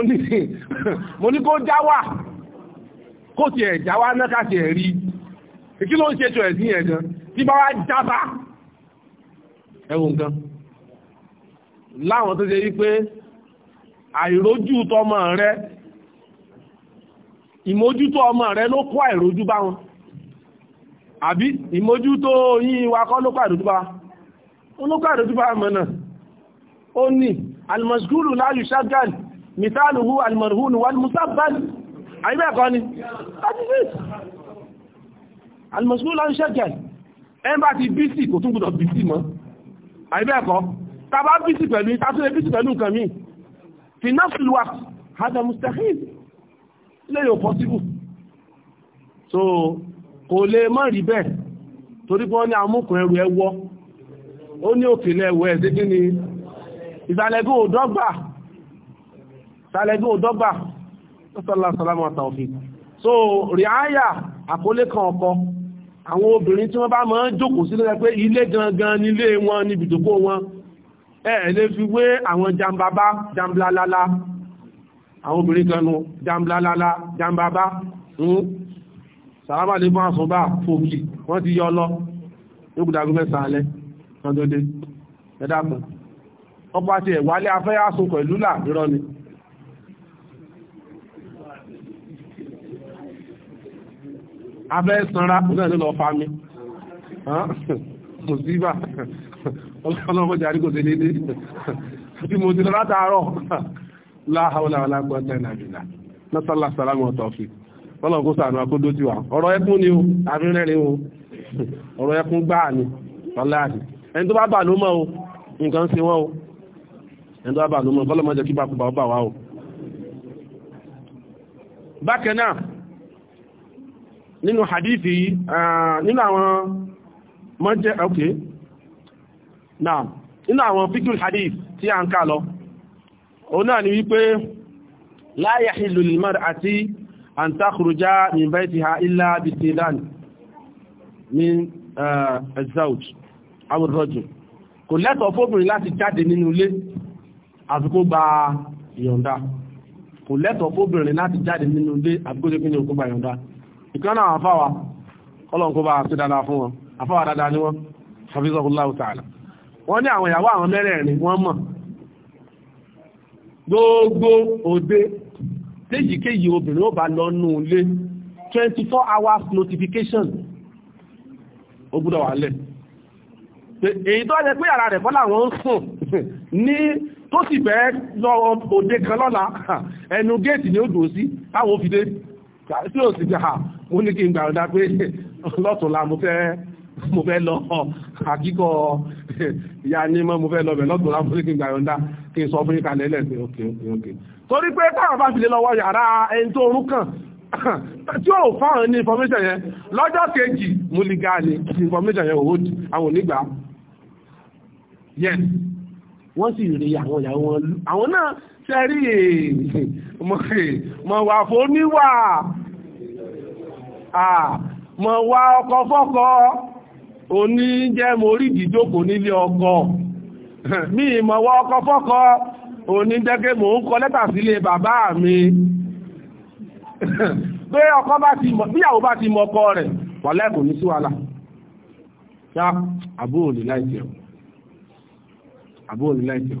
mo ẹwọ nǹkan láwọn tó ṣe wípé àìrójú tọmọ rẹ ìmójútó ọmọ rẹ ló kó àìrójú bá wọn àbí ìmójútó yín wa kọ́ ló kó àìrójú bá wọn ló kó àìrójú bá wọn náà ó ní almaskúrù láyù ṣágàn mìtàlùhù almarhùn wal musabbal àìbẹ́ẹ̀kọ́ ni almaskúrù láyù ṣágàn ẹ bá ti bísì kò tún gbọdọ̀ bísì mọ́ àìbẹ́ẹ̀kọ́ tàbá bísì pẹ̀lú ìtàtúrẹ́ bísì pẹ̀lú nǹkan míì fi nafsul waqt hada mustahil lè yóò possible so kò lè mọ́ rí bẹ́ẹ̀ torí pé wọ́n ní amúkùn ẹrù ẹwọ́ ó ní òkèlè ẹwọ́ ẹ̀ sí ní ìsàlẹ̀gún òdọ́gbà ìsàlẹ̀gún òdọ́gbà sallallahu alaihi wa sallam so ríáyà àkólé kan ọkọ̀ àwọn obìnrin tí wọ́n bá máa ń jókòó sílẹ̀ pé ilé gangan nílé wọn níbi ìdókò wọn ẹ̀ lè fi wé àwọn jambaba jambalalala àwọn obìnrin kan nù jambalalala jambaba hmm. sàrábà lè fún àsùnbà fòkì wọ́n ti yọ lọ lókùdàgún mẹ́sàn alẹ́ ọdọ́dẹ́ ẹ̀dàkùn ọpá ti ẹ̀wálé afẹ́ àsùn pẹ̀lú là rírọ́ ni abẹ́ sanra náà ló lọ fa mi kò síbà ọlọ́mọ jàrí kò sí dédé tí mo ti lọ látàárọ̀ láhàúlà alágbọ́ta ìnàjìlá lọ́sọ́lá sàlámù ọ̀tọ̀ọ̀fì ọlọ́run kó sàánú akódójú wa ọ̀rọ̀ ẹkún ni o àbírẹ́rin o ọ̀rọ̀ ẹkún gbáà ni ọláàdì ẹni tó bá bà ló mọ́ o nǹkan sí wọ́n o ẹni tó bá bà ló mọ́ nínú hadithi nínú àwọn mọ́jẹ́ ok náà nínú àwọn fíkùl hadith tí a ń ká lọ o náà ni wípé la yahillu lil mar'ati an takhruja min baytiha illa bisidan min az-zawj aw ar-rajul kò lẹ́tọ̀ọ́ fóbìnrin láti jáde nínú ilé àfi kó gba ìyọ̀ǹda kò lẹ́tọ̀ọ́ fóbìnrin láti jáde nínú ilé àfi kó gba ìyọ̀ǹda ìkan náà àfáwà ọlọ́nkó bá sí dáadáa fún wọn àfáwà dáadáa ni wọ́n hafizahullahu ta'ala wọ́n ní àwọn ìyàwó àwọn mẹ́rẹ̀ẹ̀rin wọ́n mọ̀ gbogbo òde téjìkéyìí obìnrin ó bá lọ nú ilé 24 hours notification ó gbúdọ̀ wà lẹ̀ èyí tó yẹ pé ara rẹ̀ fọ́lá wọn ń sùn ní tó sì fẹ́ lọ òde kan lọ́la ẹnu géètì ni ó dùn sí táwọn òfìdé tí ó sì fi ó ní kí n gbàrúdá pé lọ́tùnla mo fẹ́ mo fẹ́ lọ àkíkọ ìyá ní mọ́ mo fẹ́ lọ bẹ̀ lọ́tùnla mo ní kí n gbàrúdá kí n sọ fún yíká lẹ́lẹ̀ pé ok ok ok torí pé táwọn bá fi lè lọ́wọ́ yàrá ẹni tó orún kàn tí ó fáwọn ní information yẹn lọ́jọ́ kejì mo lè ga ní information yẹn òwò àwọn onígbà yes wọ́n sì rí àwọn ìyàwó wọn àwọn náà ṣe rí èèyàn mọ̀ wà fún níwà mọ̀ wá ọkọ fọ́kọ òní jẹ́ mo rí ìdíjókò nílé ọkọ mi mọ̀ wá ọkọ fọ́kọ òní jẹ́ pé mò ń kọ lẹ́tà sílé bàbá mi pé ọkọ bá ti mọ̀ bíyàwó bá ti mọ̀ ọkọ rẹ̀ wà lẹ́kùn ní sí wàhálà yá àbúrò ní láìpẹ́ àbúrò ní láìpẹ́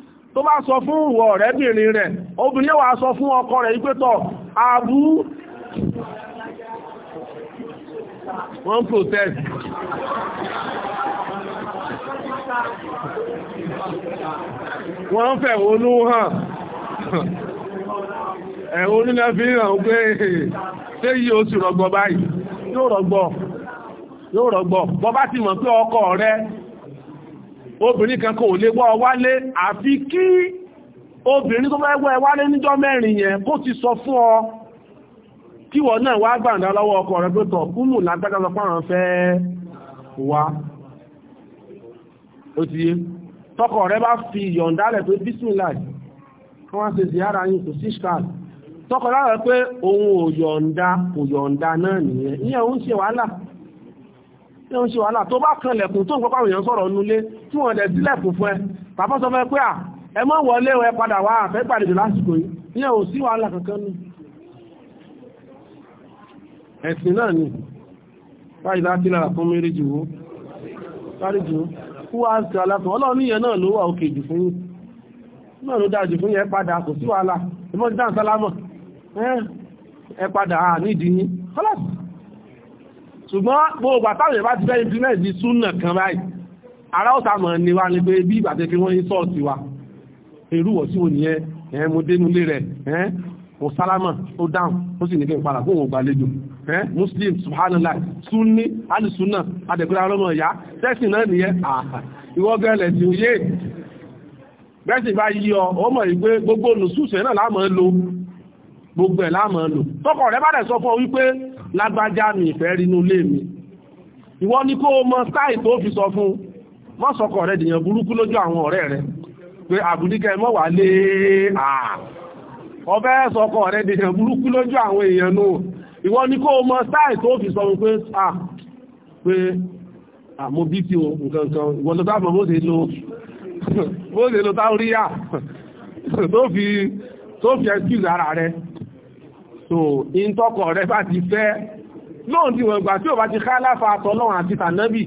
tó bá sọ fún ìwọ̀ ọ̀rẹ́bìnrin rẹ̀ obìnrin wà sọ fún ọkọ rẹ̀ ìpétọ̀ àbú wọ́n protest wọ́n fẹ̀hónú hàn ẹ̀hónú náà fi na pé ṣé yíò sì rọgbọ báyìí yóò rọgbọ yóò ti mọ̀ pé ọkọ rẹ̀ obìnrin kan kò lè wọ́ wálé àfi kí obìnrin tó fẹ́ wọ́ wálé níjọ́ mẹ́rin yẹn kó ti sọ fún ọ kí wọ́n náà wá gbàǹdà lọ́wọ́ ọkọ rẹ̀ tó tọ̀ kúmù lágbàtà sọ fáwọn fẹ́ wá ó rẹ̀ bá fi yọ̀ǹda lẹ̀ pé bísmìláì kí ziyara yìí kò sí ṣkáàlì tọkọ láwọn pé òun ò yọ̀ǹda kò yọ̀ǹda ní oṣù wàhálà tó bá kan lẹ̀kùn tó ń pọ́pá èèyàn sọ̀rọ̀ nulé tí wọ́n dẹ̀ sílẹ̀kùn fún ẹ bàbá sọ fẹ́ pé à ẹ mọ́ wọlé ẹ padà wá àfẹ́ pàdédò lásìkò yìí ìyẹn ò sí wàhálà kankan nù ẹ̀sìn náà ni báyìí láti lára fún mérí jù ú sáré jù ú kú wá sí aláfẹ́ ọlọ́run ìyẹn náà ló wà òkè jù fún yín náà ló dájú fún yẹn padà kò sí wàhálà ìmọ̀ dáhùn sálámọ̀ ẹ padà nídìí yín kọ́lọ́sì ṣùgbọ́n gbogbo àtàwọn ìbá ti fẹ́ implement ní súnà kan báyìí ara ọ̀sà mọ̀ ní wa ní pé bí ìgbàtẹ́ fi wọ́n ní sọ́ọ̀tì wa irú wọ̀ sí òní ẹ ẹ mo dé nulé ẹ mo sálámà ó dáhùn ó sì ní kí n padà kó wọn gbàlejò muslim subhanallah sunni alisunna adẹ̀kúrẹ́ ọlọ́mọ ìyá tẹ́sì náà nìyẹn ìwọ gẹ́lẹ̀ sí òye bẹ́sì bá yí ọ ó mọ̀ ìgbé gbogbo nùsùsẹ̀ náà láàmọ́ lo gbogbo ẹ̀ láàmọ́ lo lágbájá mi ìfẹ́ rí inú ilé mi ìwọ ni kó o mọ sáì tó fi sọ fún wọ́n sọkọ̀ rẹ̀ dìyàn burúkú lójú àwọn ọ̀rẹ́ rẹ̀ pé àbúdíkẹ́ mọ́ wà lé àà ọbẹ̀ rẹ̀ dìyàn burúkú lójú àwọn èèyàn nù ìwọ ni kó o mọ sáì tó fi sọ fún pé à pé àmọ́ bí o nǹkan kan ìwọ lọ lo bó ṣe lo táwọn ríyà tó fi excuse ara rẹ̀ so in tọ́kọ̀ rẹ̀ bá ti fẹ́ lóhun tí wọ́n gbà tí ó bá ti ká láfa àtọ́lọ́run àti tànábì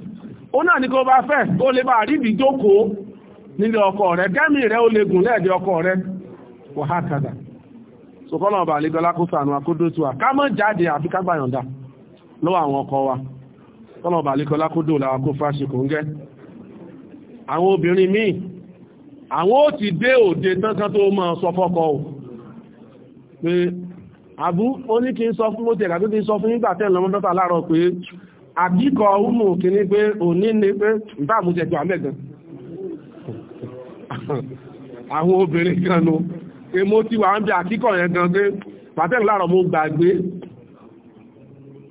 ó náà ní kó bá fẹ́ ó lè bá rí ìdíjókòó nílé ọkọ rẹ̀ gẹ́mì rẹ̀ ó lè gùn lẹ́ẹ̀dẹ̀ ọkọ rẹ̀ wàhákàdà so kọ́nà ọba àlégọ́lá kó sànù àkódótù wa àbú ó ní kí n sọ fún mọ́tẹ̀ àbí kí n sọ fún nígbà tẹ́ lọ́mọ pé àbíkọ ọmọ kì ní pé òní ní pé bá mú jẹ́ tó àmẹ́gan àwọn obìnrin kan nù pé mo ti wà ń bí àkíkọ̀ yẹn gan pé pàtẹ́lù láàárọ̀ mo gbàgbé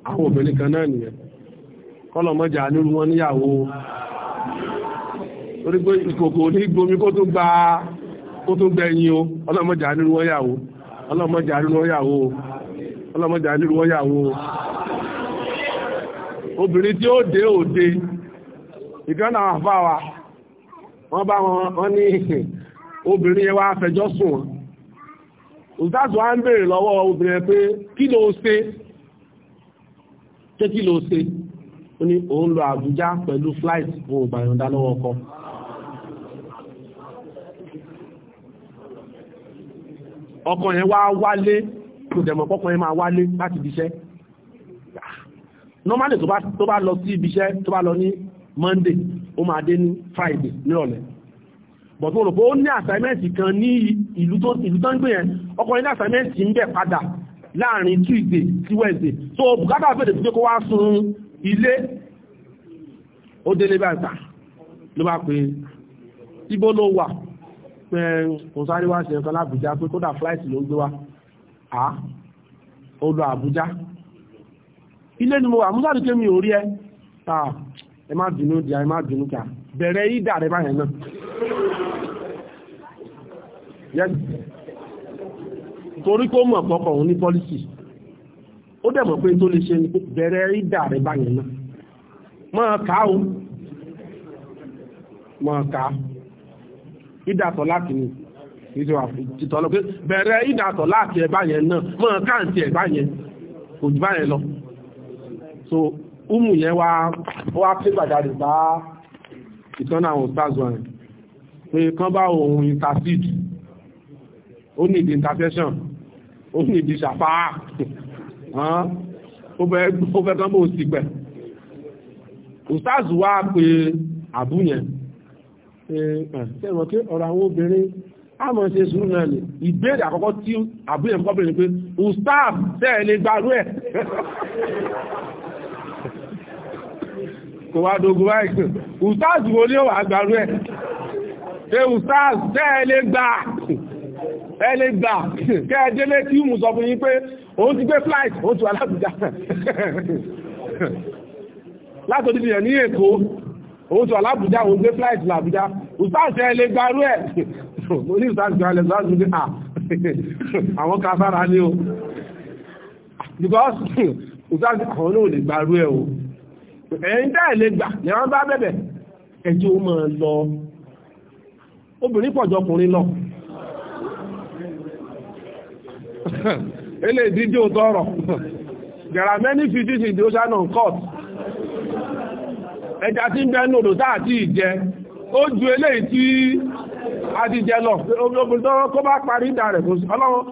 àwọn obìnrin kan náà nìyẹn kọ́lọ̀mọ́jà wọn níyàwó orí pé ìkòkò o ọlọ́mọdé àríwọ́yàwó ọlọ́mọdé àríwọ́yàwó obìnrin tí ó dé òde ìkánà àfá wa wọ́n bá wọn ní obìnrin yẹn wá fẹjọ́ sùn wọn òtàtù wá ń bèèrè lọ́wọ́ obìnrin pé kí ló ṣe ló ṣe ó ní òun lọ Àbújá pẹ̀lú flight fún òbàyàndá lọ́wọ́ ọkọ yẹn wá wálé tó dẹ̀mọ̀ pọ́kọ yẹn máa wálé láti ibiṣẹ́ normally tó bá lọ sí ibiṣẹ́ tó bá lọ ní monday ó máa dé ní friday nírọ̀lẹ́ bọ̀tún olùkó ó ní assignment kan ní ìlú tó ń gbé yẹn ọkọ yẹn ní assignment ń bẹ̀ padà láàrin tuesday sí wednesday so bùkátà fèdè tó kó wá sun ilé ó délé bá ń ta ló bá pè é ibo ló wà pé òun sáré wá ṣe nǹkan lábùjá pé kódà flight ló gbé wa à ó lọ àbújá ilé ni mo wà músàdì pé mi ò rí ẹ ta ẹ má bínú di ẹ má bínú kà bẹ̀rẹ̀ ìdà rẹ báyẹn náà torí kó mọ̀ pọ̀pọ̀ òun ní pọ́lísì ó dẹ̀ mọ̀ pé tó lè ṣe bẹ̀rẹ̀ ìdà rẹ báyẹn náà máa kà ó máa kà ìdàtọ̀ láti ní ìtọ́lọ́ pé bẹ̀rẹ̀ ìdàtọ̀ láti ẹ̀bá yẹn náà mọ́ káàntì ẹ̀bá yẹn kò yẹn lọ so umu yẹn wá wá pé gbàdàrí bá ìtọ́nà àwọn stars wọn pé kán bá òun intercede ó ní ìdí intercession ó ní ìdí ṣàfáà ó fẹ́ kán bó sì pẹ̀ ustaz wá pé àbúyẹn ṣẹ́wọ̀n pé ọ̀rọ̀ àwọn obìnrin àmọ́ ṣe sùúrù náà ni ìbéèrè àkọ́kọ́ tí àbúrò ẹ̀mọ́ kọ́bìnrin pé ustaf sẹ́ẹ̀ lè gbarú ẹ̀ kò wá dogun báyìí ustaf wo ni ó wà gbarú ẹ̀ pé ustaf sẹ́ẹ̀ lè gbà ẹ lè gbà kẹ́ẹ̀délé tí mú sọ fún yín pé òun ti gbé flight òun ti wà lábùjá látòdí ìyẹn ní èkó òun tó alábùjá òun gbé flight làbújá ìsáàṣẹ́ ilé gbarú ẹ̀ mo ní ìsáàṣẹ́ alẹ́ ìsáàṣẹ́ ní àwọn kására ní o because obìnrin pọ̀jọ ọkùnrin lọ eléyìí dídí òtọ́ ọ̀rọ̀ there are many fifties in the ocean on court ẹja tí ń bẹ ní odò táà tí ìjẹ ó ju eléyìí tí a lọ obìnrin tọ́rọ kó bá parí ìdá rẹ̀ kó ọlọ́run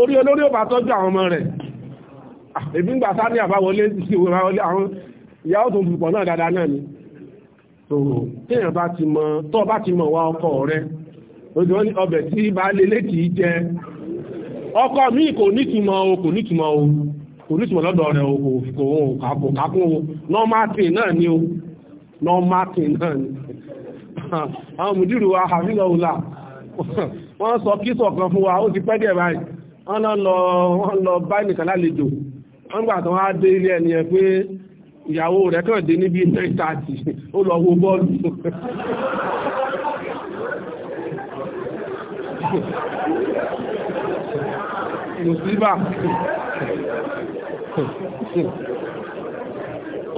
orí olórí ò bá tọ́jú àwọn ọmọ rẹ̀ èbí ńgbà sáré àbáwọlé sí ìwé àwọn ìyàwó tó ń bùpọ̀ náà dáadáa náà ni téèyàn bá bá ti mọ̀ wá ọkọ rẹ̀ ojú ní ọbẹ̀ tí bá lè létí jẹ ọkọ mi kò nítumọ̀ o kò nítumọ̀ o kò nítumọ̀ lọ́dọ̀ rẹ̀ o kò kàkún o normal thing náà ni o nọ́mákì náà ni àwọn mùdírù wa àfihàn òlà wọ́n sọ kí sọ̀kan fún wa ó ti pẹ́ díẹ̀ báyìí wọ́n lọ wọ́n lọ bá nìkan lálejò wọ́n gbà tán wá dé ilé ẹni ẹ pé ìyàwó rẹ̀ kàn dé níbi 9:30 ó lọ wo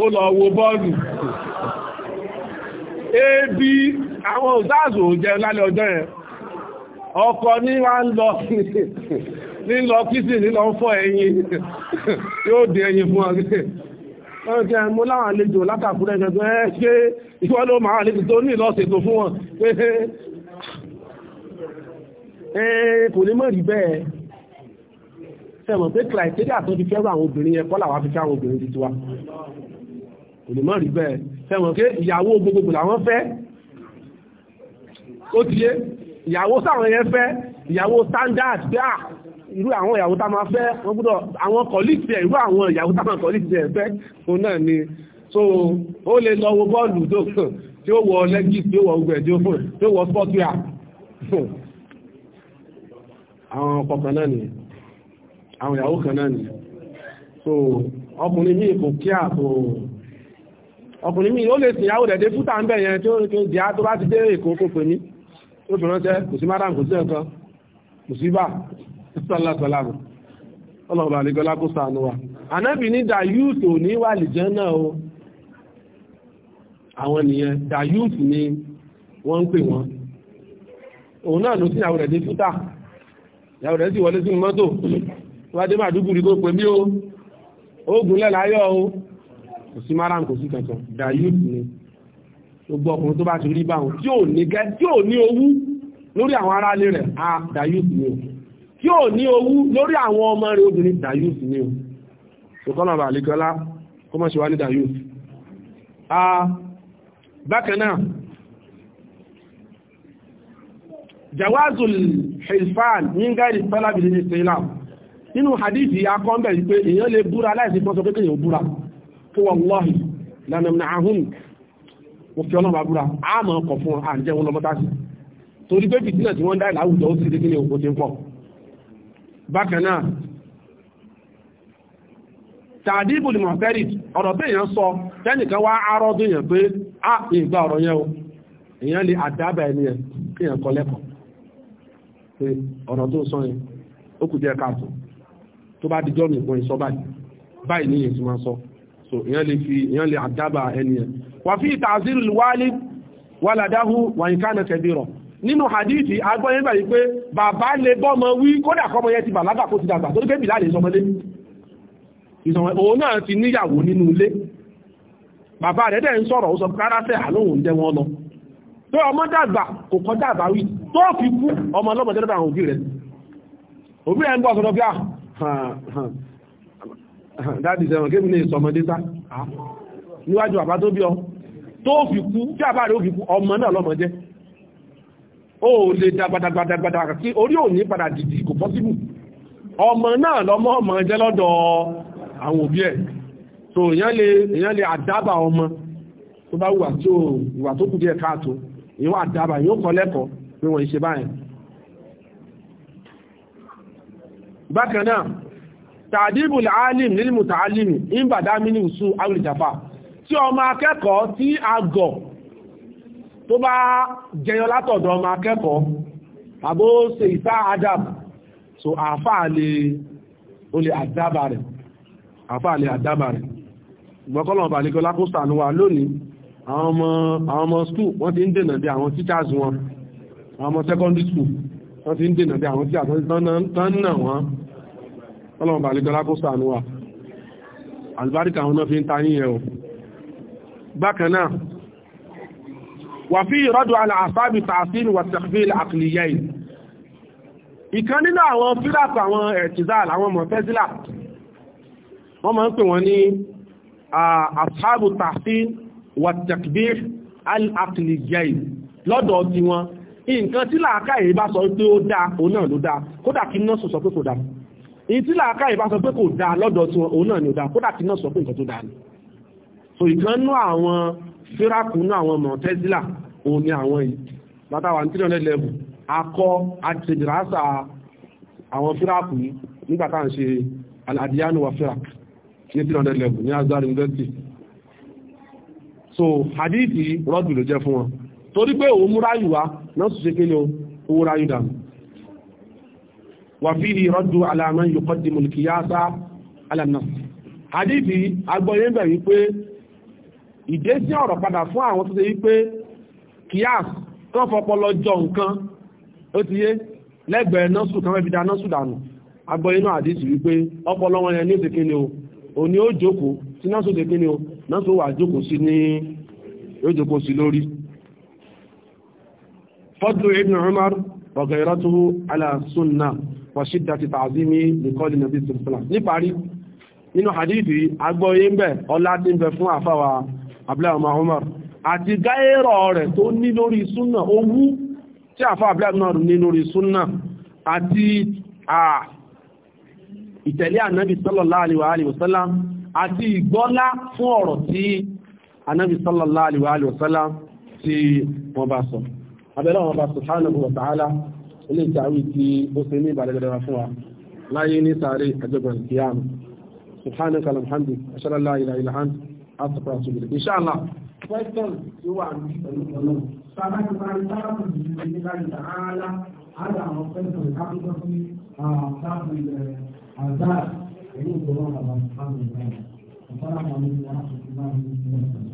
ó lọ wo bọ́ọ̀lù ebi àwọn òsáàzò jẹ lálẹ́ ọjọ́ yẹn ọkọ̀ ní wá ń lọ nílọ kìsì nílọ fọ́ ẹyin yóò dé ẹyin fún ọgbẹ́ ọjọ́ mo láwọn àlejò látàkùnrin ẹgbẹ́ ẹ ṣe ìwọ́n ló máa àlejò tó ní ìlọ́sètò fún wọn pé kò ní mọ̀ rí bẹ́ẹ̀ ṣẹ̀mọ̀ pé criteria tó fi fẹ́ràn àwọn obìnrin yẹn kọ́ fi fẹ́ àwọn obìnrin titiwa kò rí bẹ́ẹ̀ fẹ́wọ̀n pé ìyàwó gbogbogbò làwọn fẹ́ ó ti yé ìyàwó sáwọn yẹn fẹ́ ìyàwó standard pé ah, irú àwọn ìyàwó tá máa fẹ́ wọ́n gbọ́dọ̀ àwọn colleagues irú àwọn ìyàwó tá máa colleagues fẹ́ òun náà ni so ó lè lọ wo bọ́ọ̀lù tó kàn tí ó wọ lẹ́gí tí ó wọ ogun ẹ̀dí òfin tí ó wọ sportwear àwọn ọkọ̀ náà nìyẹn àwọn ìyàwó kan náà nìyẹn so ọkùnrin ní ipò ọkùnrin mi ó lè sì yáwó dẹ̀dẹ̀ fúta ń bẹ̀ yẹn tí ó rí kí á tó bá ti dé èkó kó pè ní tó fi ránṣẹ́ kò sí mádàm kò sí ẹ̀kan kò sí bá sọ́lọ́sọ́lámù wa anábì ní dayúùtù ní wà lìjẹ́ ni wọ́n ń pè wọ́n òun náà ló sí yàwó dẹ̀dẹ̀ fúta yàwó dẹ̀ sì wọlé sí mọ́tò o ó gùnlẹ̀ láyọ̀ o kò sí maram kò sí kankan dayut ni gbogbo ọkùnrin tó bá ti rí báwọn tí ò ní gẹ tí ò ní owú lórí àwọn aráalé rẹ̀ a dayut ni o tí ò ní owú lórí àwọn ọmọ rẹ̀ obìnrin dayut ni o ṣùkọ́nà bàlíkọ́lá kó mọ́ ṣe wá ní dayut bákan náà jawazul hilfan min gairi talabil islam nínú hadith ya kọ́ńbẹ̀ pé èèyàn lè búra láìsí pọ́sọ pé kéèyàn búra tó wallahi lanamna'ahum mo a máa kọ̀ fún à ń jẹ́ wọn lọ́mọ́tàṣì torí pé tí wọ́n dá ìlàwùjọ ó sì rí kíni òkú ti ń pọ̀ bákan náà tàdíbù ni ọ̀rọ̀ sọ tẹ́nìkan wá arọ́dún èèyàn pé a ìgbà ọ̀rọ̀ yẹn o èèyàn lè àdábà kọ sọ so ìyẹn lè fi ìyẹn lè àdábà ẹni ẹ̀ wà fi ta'zirul walid waladahu wa in kana kabira nínú hadithi agbọ́yẹ́ gbà yí pé bàbá lè bọ́mọ wí kódà kọ́mọ yẹn ti bàlágà kó ti dàgbà tó gbé bìlá lè sọmọlé òun náà ti níyàwó nínú ilé bàbá rẹ̀ dẹ̀ ń sọ̀rọ̀ ó sọ kára fẹ́ àlóhùn jẹ́ wọn lọ tó ọmọ dàgbà kò kọjá àbáwí tó fi kú ọmọ ọlọ́mọdé lọ́dọ̀ òbí rẹ̀ òbí rẹ̀ ń bọ́ ọ̀sọ̀rọ̀ bí ah, ah, ah. dáàdì sẹ́wọ̀n kébì ní ìsọmọdé sá níwájú àbá tó bí ọ tó fi kú tí àbá rẹ̀ ó fi kú ọmọ náà lọ́mọ jẹ́ ó lè dàgbàdàgbàdàgbàdà kí orí ò ní padà dìdì kò pọ́síbù ọmọ náà lọ́mọ ọmọ jẹ́ lọ́dọ̀ àwọn òbí ẹ̀ so èèyàn lè àdábà ọmọ tó bá wà tí ó ìwà tó kù díẹ̀ káàtó èèyàn àdábà yóò kọ́ lẹ́kọ̀ọ́ pé wọ́n ìṣe báyìí bákan náà tàdíbù alim nílùú mùtàálìmì ìbàdámínì ìsú àwìlìjàfà tí ọmọ akẹ́kọ̀ọ́ tí a gọ̀ tó bá jẹyọ látọ̀dọ̀ ọmọ akẹ́kọ̀ọ́ àbó ṣe ìta adab so àfáà lè olè àdábà rẹ̀ àfáà lè àdábà rẹ̀ gbọ́kọ́lọ̀ ọba nìkan lákóṣà ní wa lónìí àwọn ọmọ àwọn ọmọ skul wọ́n ti ń dènà bí àwọn teachers wọn àwọn ọmọ náà wọ́n ọlọ́run bàlẹ́jọ́ lákóso ànúwà albáríkà àwọn náà fi ń ta ní ẹ̀ o bákan náà wà fí ìrọ́dù aláàfáàbì tààfin wà tààfin àkìlìyà yìí ìkan nínú àwọn fílàpù àwọn ẹ̀tìzáàl àwọn mọ̀fẹ́sílà wọ́n máa ń pè wọ́n ní àfáàbù tààfin wà tààfin àkìlìyà yìí lọ́dọ̀ ti wọn èyí tí làákà ìbá sọ pé kò dáa lọ́dọ̀ tí òun náà ni ò dáa kódà tí náà sọ pé nǹkan tó dáa ni so ìkan nú àwọn fíráàkù nú àwọn mọ̀tẹ́sílà òun ni àwọn yìí látàwà ní level akọ àtìdìrásà àwọn fíráàkù yìí nígbà tá à ń ṣe àdìyánu wa fíráàkù ní level ní azari so hadithi rọ́dù ló jẹ́ fún wọn torí pé òun múráyù wàfíhì rọ́dù aláàmán yóò kọ́ dìmù kìyàsá alànà hadithi agbọ́yé ń bẹ̀ wípé ìdé sí ọ̀rọ̀ padà fún àwọn tó ṣe wípé kìyàs kan fọpọlọ jọ nǹkan ó ti yé lẹ́gbẹ̀ẹ́ nọ́sù kan fẹ́ fi da wípé ọpọlọ wọn yẹn ní òsè kíni o ní ó jókòó tí nọ́sù ṣe kíni o nọ́sù wà jókòó sí ní ó sí lórí fọ́dù ibn Umar ọ̀gẹ̀rọ̀tuhu ala sunnah wàṣídà ti tààzímí nìkọ́lì nàbí sọ̀rọ̀sọ̀lá níparí nínú hadithi agbóyé ń bẹ ọlá tí ń bẹ fún àfáwà abúláwọ̀má Umar àti gáẹ́rọ̀ rẹ̀ tó ní lórí súnà owú tí àfá abúláwọ̀má ní lórí súnà àti ìtẹ̀lé ànábì sallallahu alaihi wa sallam àti ìgbọ́lá fún ọ̀rọ̀ tí ànábì sallallahu alaihi wa sallam tí wọ́n bá sọ abẹ́lẹ́ wọn bá subhanahu wa ta'ala ilé ìtàwí tí ó ṣe ní ìbàdàgbàdàwà fún wa láyé ní sàárè àjọgbọ̀n kìíyàn subhanaka alhamdi ashalala ila ilẹ̀ àdá èyí ìgbòho àwọn àbábù